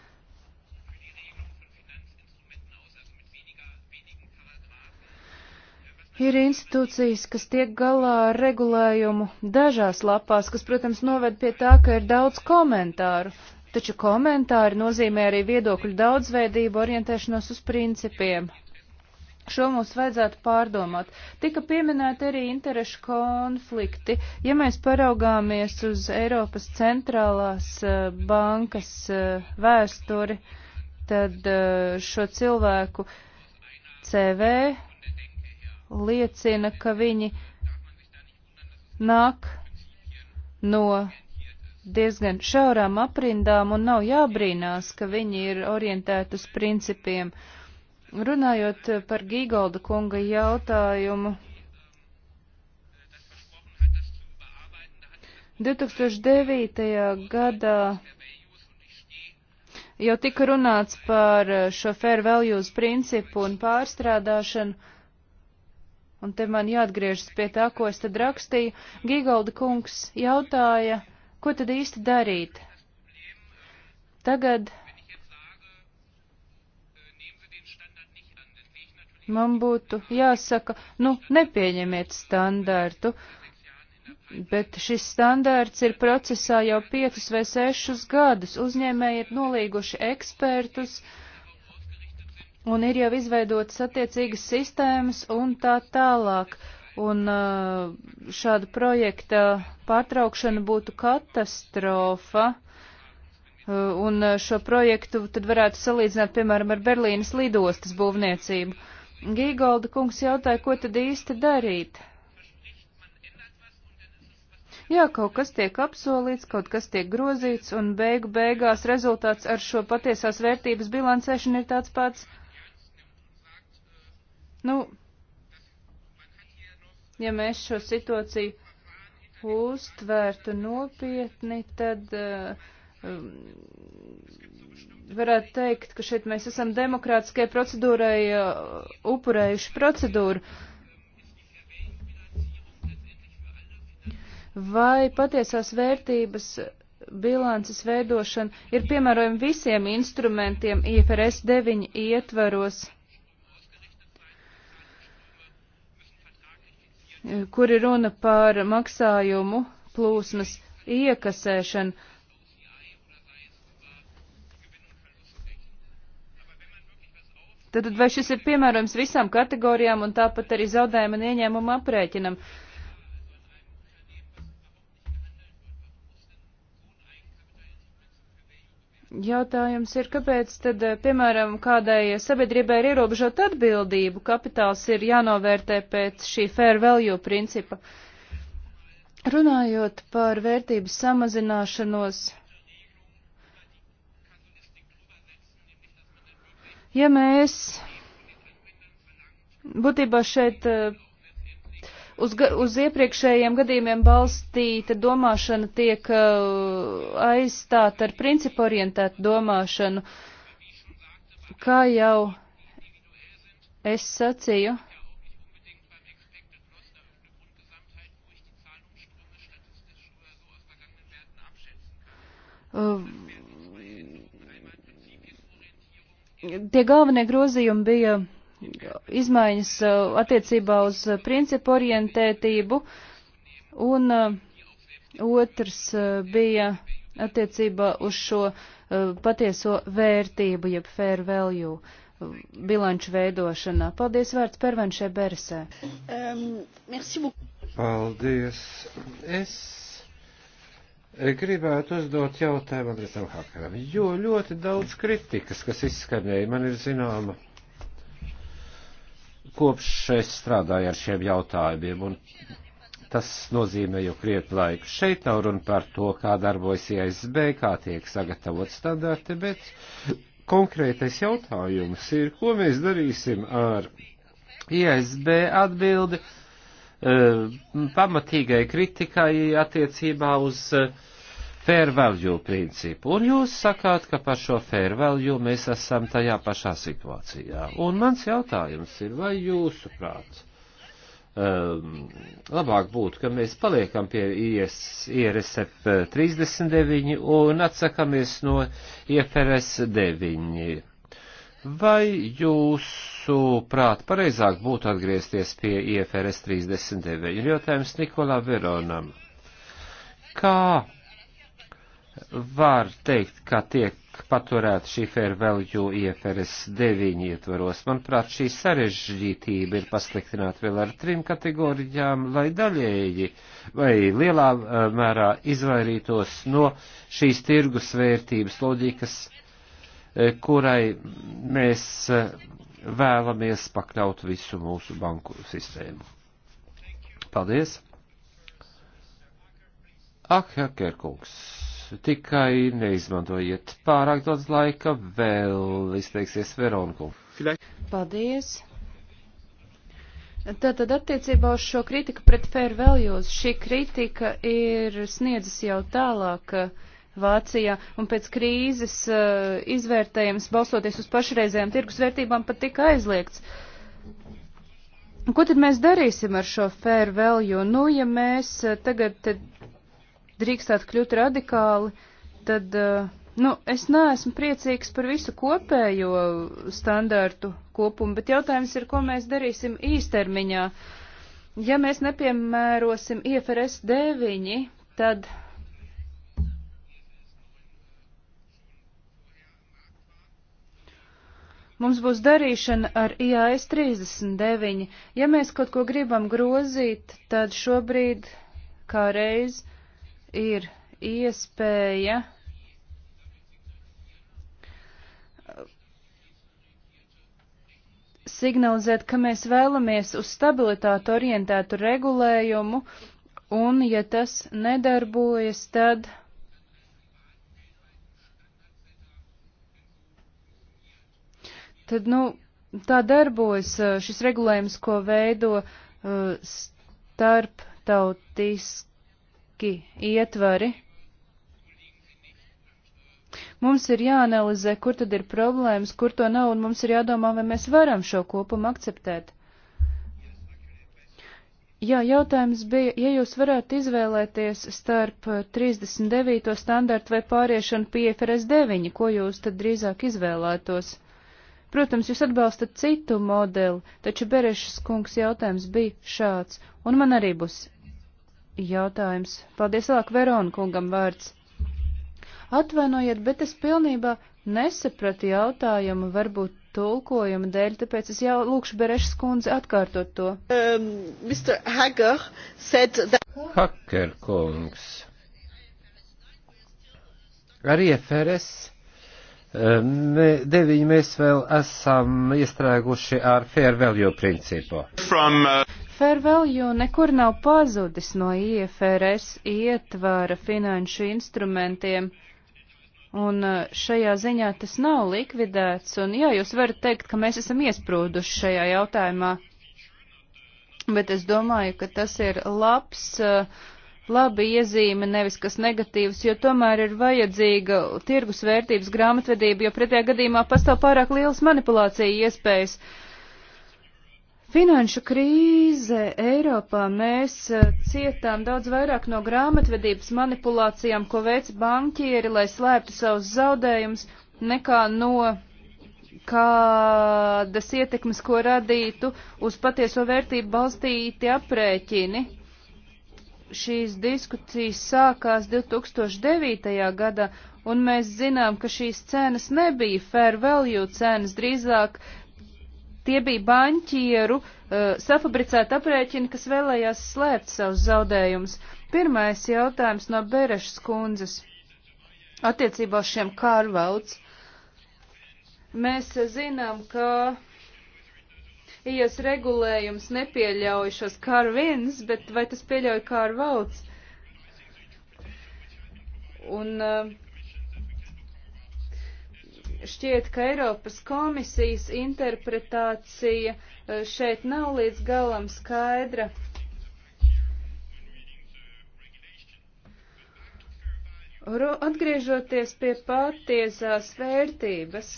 Ir institūcijas, kas tiek galā ar regulējumu dažās lapās, kas, protams, noved pie tā, ka ir daudz komentāru, taču komentāri nozīmē arī viedokļu daudzveidību, orientēšanos uz principiem. Šo mums vajadzētu pārdomāt. Tika pieminēti arī interešu konflikti. Ja mēs paraugāmies uz Eiropas centrālās uh, bankas uh, vēsturi, tad uh, šo cilvēku CV liecina, ka viņi nāk no diezgan šaurām aprindām un nav jābrīnās, ka viņi ir orientēti uz principiem. Runājot par Gīgolda kunga jautājumu, 2009. gadā jau tika runāts par šo fair values principu un pārstrādāšanu Un te man jāatgriežas pie tā, ko es tad rakstīju. Gigalda kungs jautāja, ko tad īsti darīt. Tagad man būtu jāsaka, nu, nepieņemiet standārtu, bet šis standārts ir procesā jau piecus vai sešus gadus. Uzņēmēji ir nolīguši ekspertus, uh, un ir jau izveidotas attiecīgas sistēmas un tā tālāk. Un uh, šāda projekta pārtraukšana būtu katastrofa. Uh, un uh, šo projektu tad varētu salīdzināt, piemēram, ar Berlīnas lidostas būvniecību. Gīgolda kungs jautāja, ko tad īsti darīt? Jā, kaut kas tiek apsolīts, kaut kas tiek grozīts, un beigu beigās rezultāts ar šo patiesās vērtības bilancēšanu ir tāds pats. Nu, ja mēs šo situāciju uztvērtu nopietni, tad uh, varētu teikt, ka šeit mēs esam demokrātiskai procedūrai uh, upurējuši procedūru. Vai patiesās vērtības bilances veidošana ir piemērojama visiem instrumentiem IFRS 9 ietvaros? kur ir runa par maksājumu plūsmas iekasēšanu. Tad vai šis ir piemērojams visām kategorijām un tāpat arī zaudējuma un ieņēmuma aprēķinam? Uh, Jautājums ir, kāpēc tad, eh, piemēram, kādai sabiedrībai ir ierobežot atbildību, kapitāls ir jānovērtē pēc šī fair value principa. Runājot par vērtības samazināšanos, ja mēs būtībā šeit eh, Uz, uz iepriekšējiem gadījumiem balstīta domāšana tiek uh, aizstāta ar principu orientētu domāšanu. Kā jau es sacīju, uh, tie galvenie grozījumi bija izmaiņas uh, attiecībā uz uh, principu orientētību, un uh, otrs bija attiecībā uz šo patieso vērtību, jeb fair value bilanču veidošanā. Paldies vārds pervenšē Beresē. Um, Paldies. Es gribētu uzdot jautājumu Andresam Hakaram, jo ļoti daudz kritikas, kas izskanēja, man ir zināma kopš es strādāju ar šiem jautājumiem, un tas nozīmē jau krietni laiku. Šeit nav runa par to, kā darbojas ISB, kā tiek sagatavot standarti, bet konkrētais jautājums ir, ko mēs darīsim ar ISB atbildi eh, pamatīgai kritikai attiecībā uz uh, fair value principu. Un jūs sakāt, ka par šo fair value mēs esam tajā pašā situācijā. Un mans jautājums ir, vai jūsuprāt, um, labāk būtu, ka mēs paliekam pie IS, IRSF 39 un atsakamies no IFRS 9? Vai jūsu prāt pareizāk būtu atgriezties pie IFRS 39? Jautājums Nikolā Veronam. Kā var teikt, ka tiek paturēta šī fair value IFRS 9 ietvaros. Manuprāt, šī sarežģītība ir pasliktināta vēl ar trim kategorijām, lai daļēji vai lielā eh, mērā izvairītos no šīs tirgus vērtības loģikas, eh, kurai mēs eh, vēlamies pakļaut visu mūsu banku sistēmu. Paldies! Ak, Hakerkungs! tikai neizmantojiet pārāk daudz laika, vēl izteiksies Veronku. Paldies! Tātad attiecībā uz šo kritiku pret fair values, šī kritika ir sniedzis jau tālāk uh, Vācijā, un pēc krīzes uh, izvērtējums balsoties uz pašreizējām tirgus vērtībām pat tika aizliegts. Ko tad mēs darīsim ar šo fair value? Nu, ja mēs uh, tagad drīkstētu kļūt radikāli, tad, eh, nu, es neesmu priecīgs par visu kopējo standārtu kopumu, bet jautājums ir, ko mēs darīsim īstermiņā. Ja mēs nepiemērosim IFRS 9, tad Mums būs darīšana ar IAS 39. Ja mēs kaut ko gribam grozīt, tad šobrīd kā reiz ir iespēja uh, signalizēt, ka mēs vēlamies uz stabilitātu orientētu regulējumu, un ja tas nedarbojas, tad. Tad, nu, tā darbojas uh, šis regulējums, ko veido uh, starptautiski lieliski ietvari. Mums ir jāanalizē, kur tad ir problēmas, kur to nav, un mums ir jādomā, vai mēs varam šo kopumu akceptēt. Jā, jautājums bija, ja jūs varētu izvēlēties starp 39. standartu vai pāriešanu pie IFRS 9, ko jūs tad drīzāk izvēlētos? Protams, jūs atbalstat citu modeli, taču Berešas kungs jautājums bija šāds, un man arī būs jautājums. Paldies, Lāk Verona kungam vārds. Atvainojiet, bet es pilnībā nesapratu jautājumu, varbūt tulkojuma dēļ, tāpēc es jau lūkšu Berešas kundzi atkārtot to. Um, Mr. Hager said that... Haker kungs. Ar ieferes mē, um, deviņi mēs vēl esam iestrēguši ar fair value principu. From, uh... Fairvalue nekur nav pazudis no IFRS ietvara finanšu instrumentiem, un uh, šajā ziņā tas nav likvidēts, un jā, jūs varat teikt, ka mēs esam iesprūduši šajā jautājumā, bet es domāju, ka tas ir labs, uh, labi iezīme, nevis kas negatīvs, jo tomēr ir vajadzīga tirgus vērtības grāmatvedība, jo pretējā gadījumā pastāv pārāk lielas manipulācija iespējas. Uh, Finanšu krīze Eiropā mēs eh, cietām daudz vairāk no grāmatvedības manipulācijām, ko veic banķieri, lai slēptu savus zaudējumus, nekā no kādas ietekmes, ko radītu uz patieso vērtību balstīti aprēķini. Šīs diskusijas sākās 2009. gadā, un mēs zinām, ka šīs cenas nebija fair value cenas, drīzāk uh, Tie bija baņķieru uh, safabricēti aprēķini, kas vēlējās slēpt savus zaudējumus. Pirmais jautājums no Berešas kundzes attiecībā uz šiem kārvalds. Mēs zinām, ka ijas regulējums nepieļauj šos kārvins, bet vai tas pieļauj kārvalds? Un uh, Šķiet, ka Eiropas komisijas interpretācija eh, šeit nav līdz galam skaidra. Atgriežoties pie patiesās vērtības,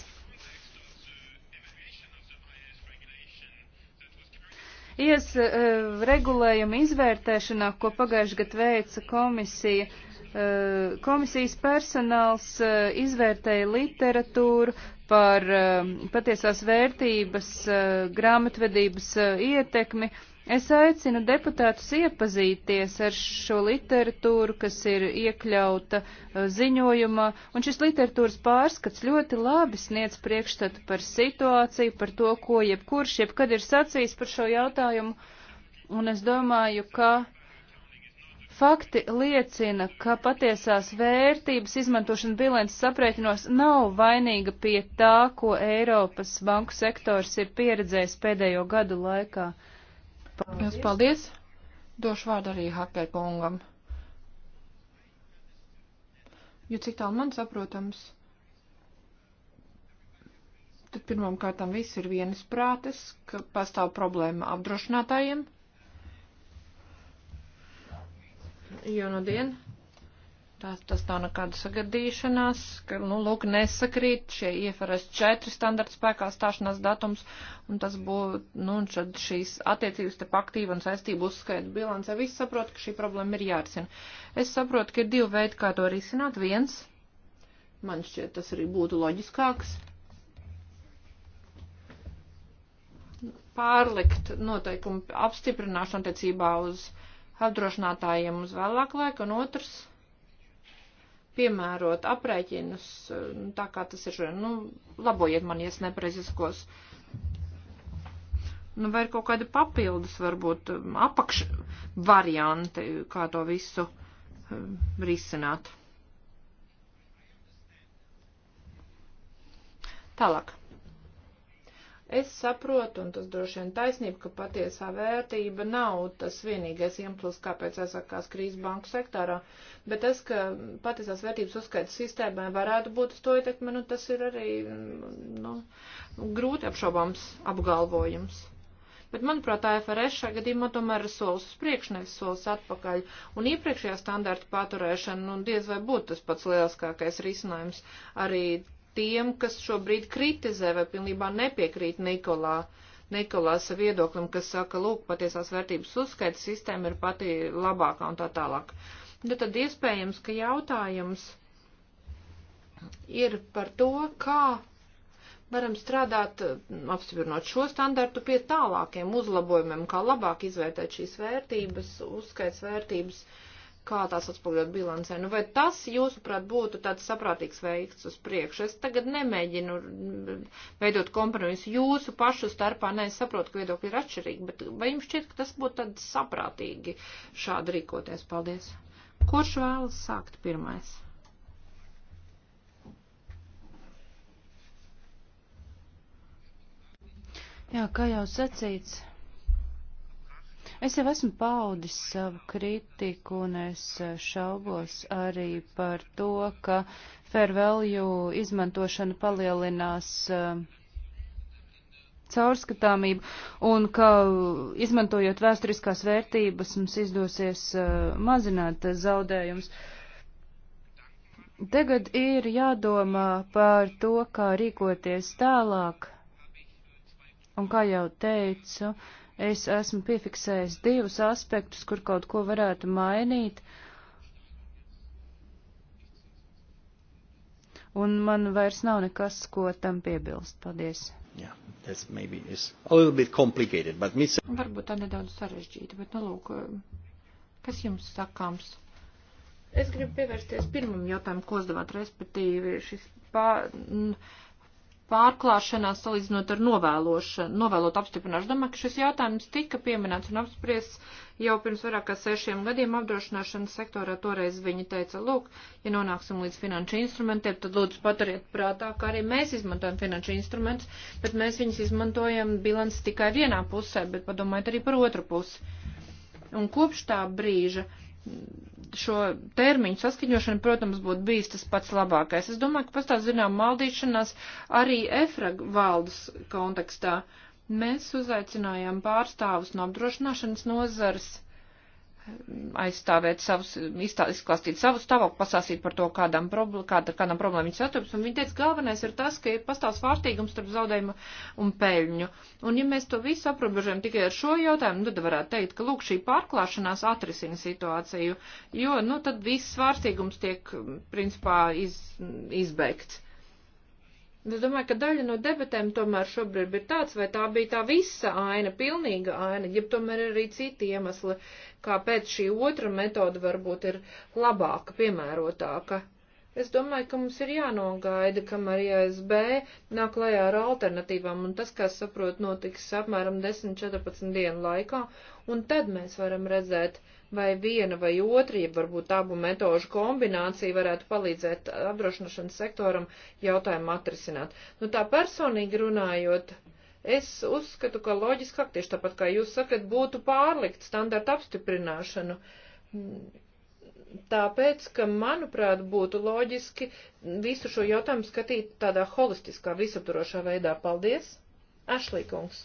ies eh, regulējuma izvērtēšanā, ko pagājuši gadu veica komisija, Eh, komisijas personāls eh, izvērtēja literatūru par eh, patiesās vērtības, grāmatvedības ietekmi. Es aicinu deputātus iepazīties ar šo literatūru, kas ir iekļauta ziņojumā, un šis literatūras pārskats ļoti labi sniedz priekšstatu par situāciju, par to, ko jebkurš jebkad ir sacījis par šo jautājumu, un es domāju, ka Fakti liecina, ka patiesās vērtības izmantošana bilances aprēķinos nav vainīga pie tā, ko Eiropas banku sektors ir pieredzējis pēdējo gadu laikā. Paldies! Jūs paldies! Došu vārdu arī Hakai kungam. Jo cik tālu man saprotams, tad pirmām kārtām viss ir vienas prātes, ka pastāv problēma apdrošinātājiem – jo nu dien tā, tas nav nekāda sagadīšanās, ka, nu, lūk, nesakrīt šie IFRS 4 standarta spēkā stāšanās datums, un tas būtu, nu, un šad šīs attiecības te aktīva un saistība uzskaita bilance. Visi saprot, ka šī problēma ir jārisina. Es saprotu, ka ir divi veidi, kā to risināt. Viens, man šķiet, tas arī būtu loģiskāks. Pārlikt noteikumu apstiprināšanu attiecībā uz uh, apdrošinātājiem uz vēlāku laiku, un otrs piemērot aprēķinus, eh, nu, tā kā tas ir, nu, labojiet man, ja es nepreziskos. Nu, vai ir kaut kādi papildus, varbūt, um, apakš varianti, kā to visu um, risināt. Tālāk. Es saprotu, un tas droši vien taisnība, ka patiesā vērtība nav tas vienīgais iemesls, kāpēc aizsākās krīze banku sektorā, bet tas, ka patiesās vērtības uzskaita sistēmai varētu būt uz to ietekme, nu tas ir arī nu, grūti apšaubāms apgalvojums. Bet, manuprāt, AFRS šajā gadījumā tomēr ir solis uz priekšu, nevis solis atpakaļ. Un iepriekšējā standarta paturēšana, nu, diez vai būtu tas pats lieliskākais risinājums. Arī tiem, kas šobrīd kritizē vai pilnībā nepiekrīt Nikolā. Nikolāsa viedoklim, kas saka, lūk, patiesās vērtības uzskaita sistēma ir pati labākā un tā tālāk. Ja nu, tad iespējams, ka jautājums ir par to, kā varam strādāt, apstiprinot šo standartu pie tālākiem uzlabojumiem, kā labāk izvērtēt šīs vērtības, uzskaits vērtības. Uh, kā tās atspoguļot bilancē. Nu, vai tas, jūsuprāt, būtu tāds saprātīgs veids uz priekšu? Es tagad nemēģinu veidot kompromisu jūsu pašu starpā, nē, es saprotu, ka viedokļi ir atšķirīgi, bet vai jums šķiet, ka tas būtu tad saprātīgi šādi rīkoties? Paldies. Kurš vēlas sākt pirmais? Jā, kā jau sacīts, Es jau esmu paudis savu kritiku un es eh, šaubos arī par to, ka fair value izmantošana palielinās eh, caurskatāmību un ka eh, izmantojot vēsturiskās vērtības mums izdosies mazināt zaudējumus. Tagad ir jādomā par to, kā rīkoties tālāk. Un kā jau teicu, uh, Es esmu piefiksējis divus aspektus, kur kaut ko varētu mainīt. Un man vairs nav nekas, ko tam piebilst. Paldies. Yeah, miss... Varbūt tā nedaudz sarežģīta, bet, nu, lūk, kas jums sakāms? Es gribu pievērsties pirmam jautājumam, ko uzdevāt, respektīvi šis pār. N pārklāšanās salīdzinot ar novēlotu apstiprināšanu. Domāju, ka šis jautājums tika pieminēts un apspriests jau pirms vairāk kā sešiem gadiem apdrošināšanas sektorā. Toreiz viņi teica, lūk, ja nonāksim līdz finanšu instrumentiem, tad lūdzu paturiet prātā, ka arī mēs izmantojam finanšu instrumentus, bet mēs viņus izmantojam bilants tikai vienā pusē, bet padomājiet arī par otru pusi. Un kopš tā brīža šo termiņu saskaņošana, protams, būtu bijis tas pats labākais. Es domāju, ka pastāv zinām maldīšanās arī EFRAG valdes kontekstā. Mēs uzaicinājām pārstāvus no apdrošināšanas nozares aizstāvēt savus, izklāstīt savu stāvokli, pasāstīt par to, kādam, problē, kāda, kādam problēmu viņi saturas. Un viņi teica, galvenais ir tas, ka ir pastāv svārstīgums starp zaudējumu un peļņu. Un ja mēs to visu aprobežojam tikai ar šo jautājumu, nu, tad varētu teikt, ka lūk, šī pārklāšanās atrisina situāciju, jo, nu, tad viss svārstīgums tiek, principā, iz, izbeigts. Es domāju, ka daļa no debatēm tomēr šobrīd ir tāds, vai tā bija tā visa aina, pilnīga aina, ja tomēr ir arī citi iemesli, kāpēc šī otra metoda varbūt ir labāka, piemērotāka. Es domāju, ka mums ir jānogaida, kamēr ISB nāk lajā ar alternatīvām, un tas, kā saprot, notiks apmēram 10-14 dienu laikā, un tad mēs varam redzēt, uh, vai viena vai otra, ja varbūt abu metožu kombinācija varētu palīdzēt apdrošināšanas sektoram jautājumu atrisināt. Nu tā personīgi runājot, es uzskatu, ka loģiskāk tieši tāpat kā jūs sakat, būtu pārlikt standartu apstiprināšanu. Tāpēc, ka, manuprāt, būtu loģiski visu šo jautājumu skatīt tādā holistiskā, visaptvarošā veidā. Paldies! Ašlīkungs!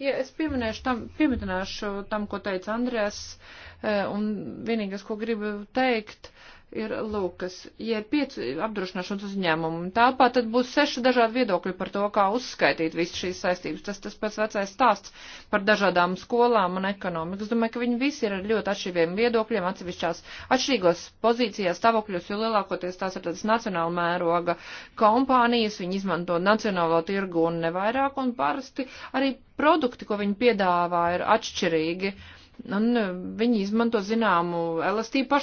Ja es pieminēšu tam, pieminēšu tam, ko teica Andrēs, eh, un vienīgais, ko gribu teikt, ir lūkas. Ja ir pieci apdrošināšanas uzņēmumi, tāpā tad būs seši dažādi viedokļi par to, kā uzskaitīt visas šīs saistības. Tas tas pats vecais stāsts par dažādām skolām un ekonomiku. Es domāju, ka viņi visi ir ar ļoti atšķirīgiem viedokļiem, atsevišķās atšķirīgos pozīcijās, stāvokļos, jo lielākoties tās ir tādas nacionāla mēroga kompānijas, viņi izmanto nacionālo tirgu un nevairāk, un parasti arī produkti, ko viņi piedāvā, ir atšķirīgi. Uh, Un e, viņi izmanto zināmu elastību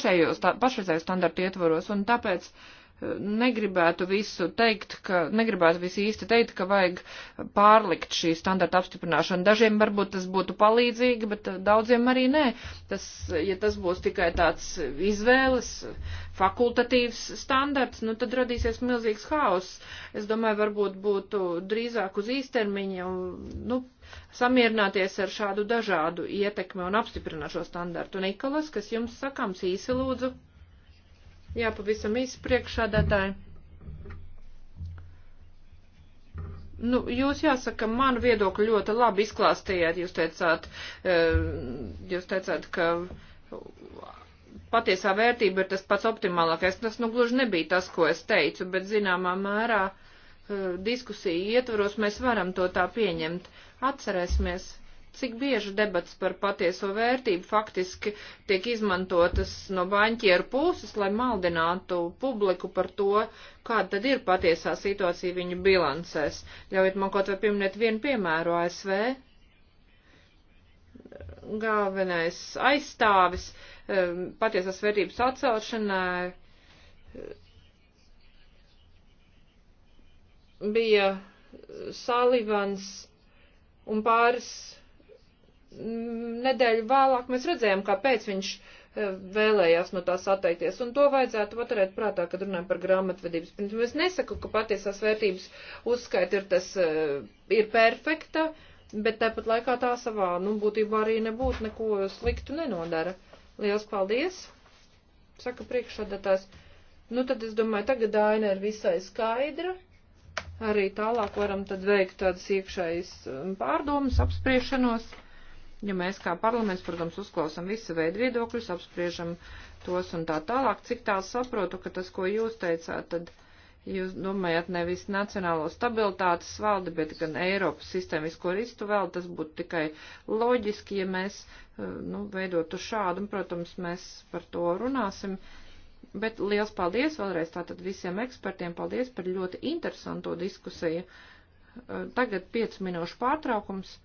pašreizējo standartu ietvaros, un tāpēc uh, negribētu visu teikt, ka, negribētu visu īsti teikt, ka vajag pārlikt šī standarta apstiprināšana. Dažiem varbūt tas būtu palīdzīgi, bet daudziem arī nē. Tas, ja tas būs tikai tāds izvēles, fakultatīvs standarts, nu tad radīsies milzīgs haoss. Es domāju, varbūt būtu drīzāk uz īstermiņa, nu, samierināties ar šādu dažādu ietekmi un apstiprināt šo standartu. Nikolas, kas jums sakāms īsi lūdzu? Jā, pavisam īsi priekšādātāji. Nu, jūs jāsaka, manu viedokli ļoti labi izklāstījāt. Jūs teicāt, e, jūs teicāt, ka patiesā vērtība ir tas pats optimālākais. Tas nu gluži nebija tas, ko es teicu, bet zināmā mērā e, diskusiju ietvaros mēs varam to tā pieņemt. Atcerēsimies, cik bieži debats par patieso vērtību faktiski tiek izmantotas no baņķieru puses, lai maldinātu publiku par to, kāda tad ir patiesā situācija viņu bilancēs. Ļaujiet man kaut vai pieminēt vienu piemēru ASV. Galvenais aizstāvis um, patiesās vērtības atcelšanai bija Salivans un pāris nedēļu vēlāk mēs redzējām, kāpēc viņš e, vēlējās no tās atteikties, un to vajadzētu paturēt prātā, kad runājam par grāmatvedības principu. Es nesaku, ka patiesās vērtības uzskaita ir tas, e, ir perfekta, bet tāpat laikā tā savā, nu, būtībā arī nebūtu neko sliktu nenodara. Liels paldies! Saka priekšādātājs. Nu, tad es domāju, tagad aina ir visai skaidra. Arī tālāk varam tad veikt tādas iekšējas pārdomas, apspriešanos ja mēs kā parlaments, protams, uzklausam visu veidu viedokļus, apspriežam tos un tā tālāk, cik tālu saprotu, ka tas, ko jūs teicāt, tad jūs domājat nevis nacionālo stabilitātes valdi, bet gan Eiropas sistēmisko ristu vēl, tas būtu tikai loģiski, ja mēs, eh, nu, veidotu šādu, un, protams, mēs par to runāsim. Bet liels paldies vēlreiz tātad visiem ekspertiem, paldies par ļoti interesanto diskusiju. Eh, tagad 5 minūšu pārtraukums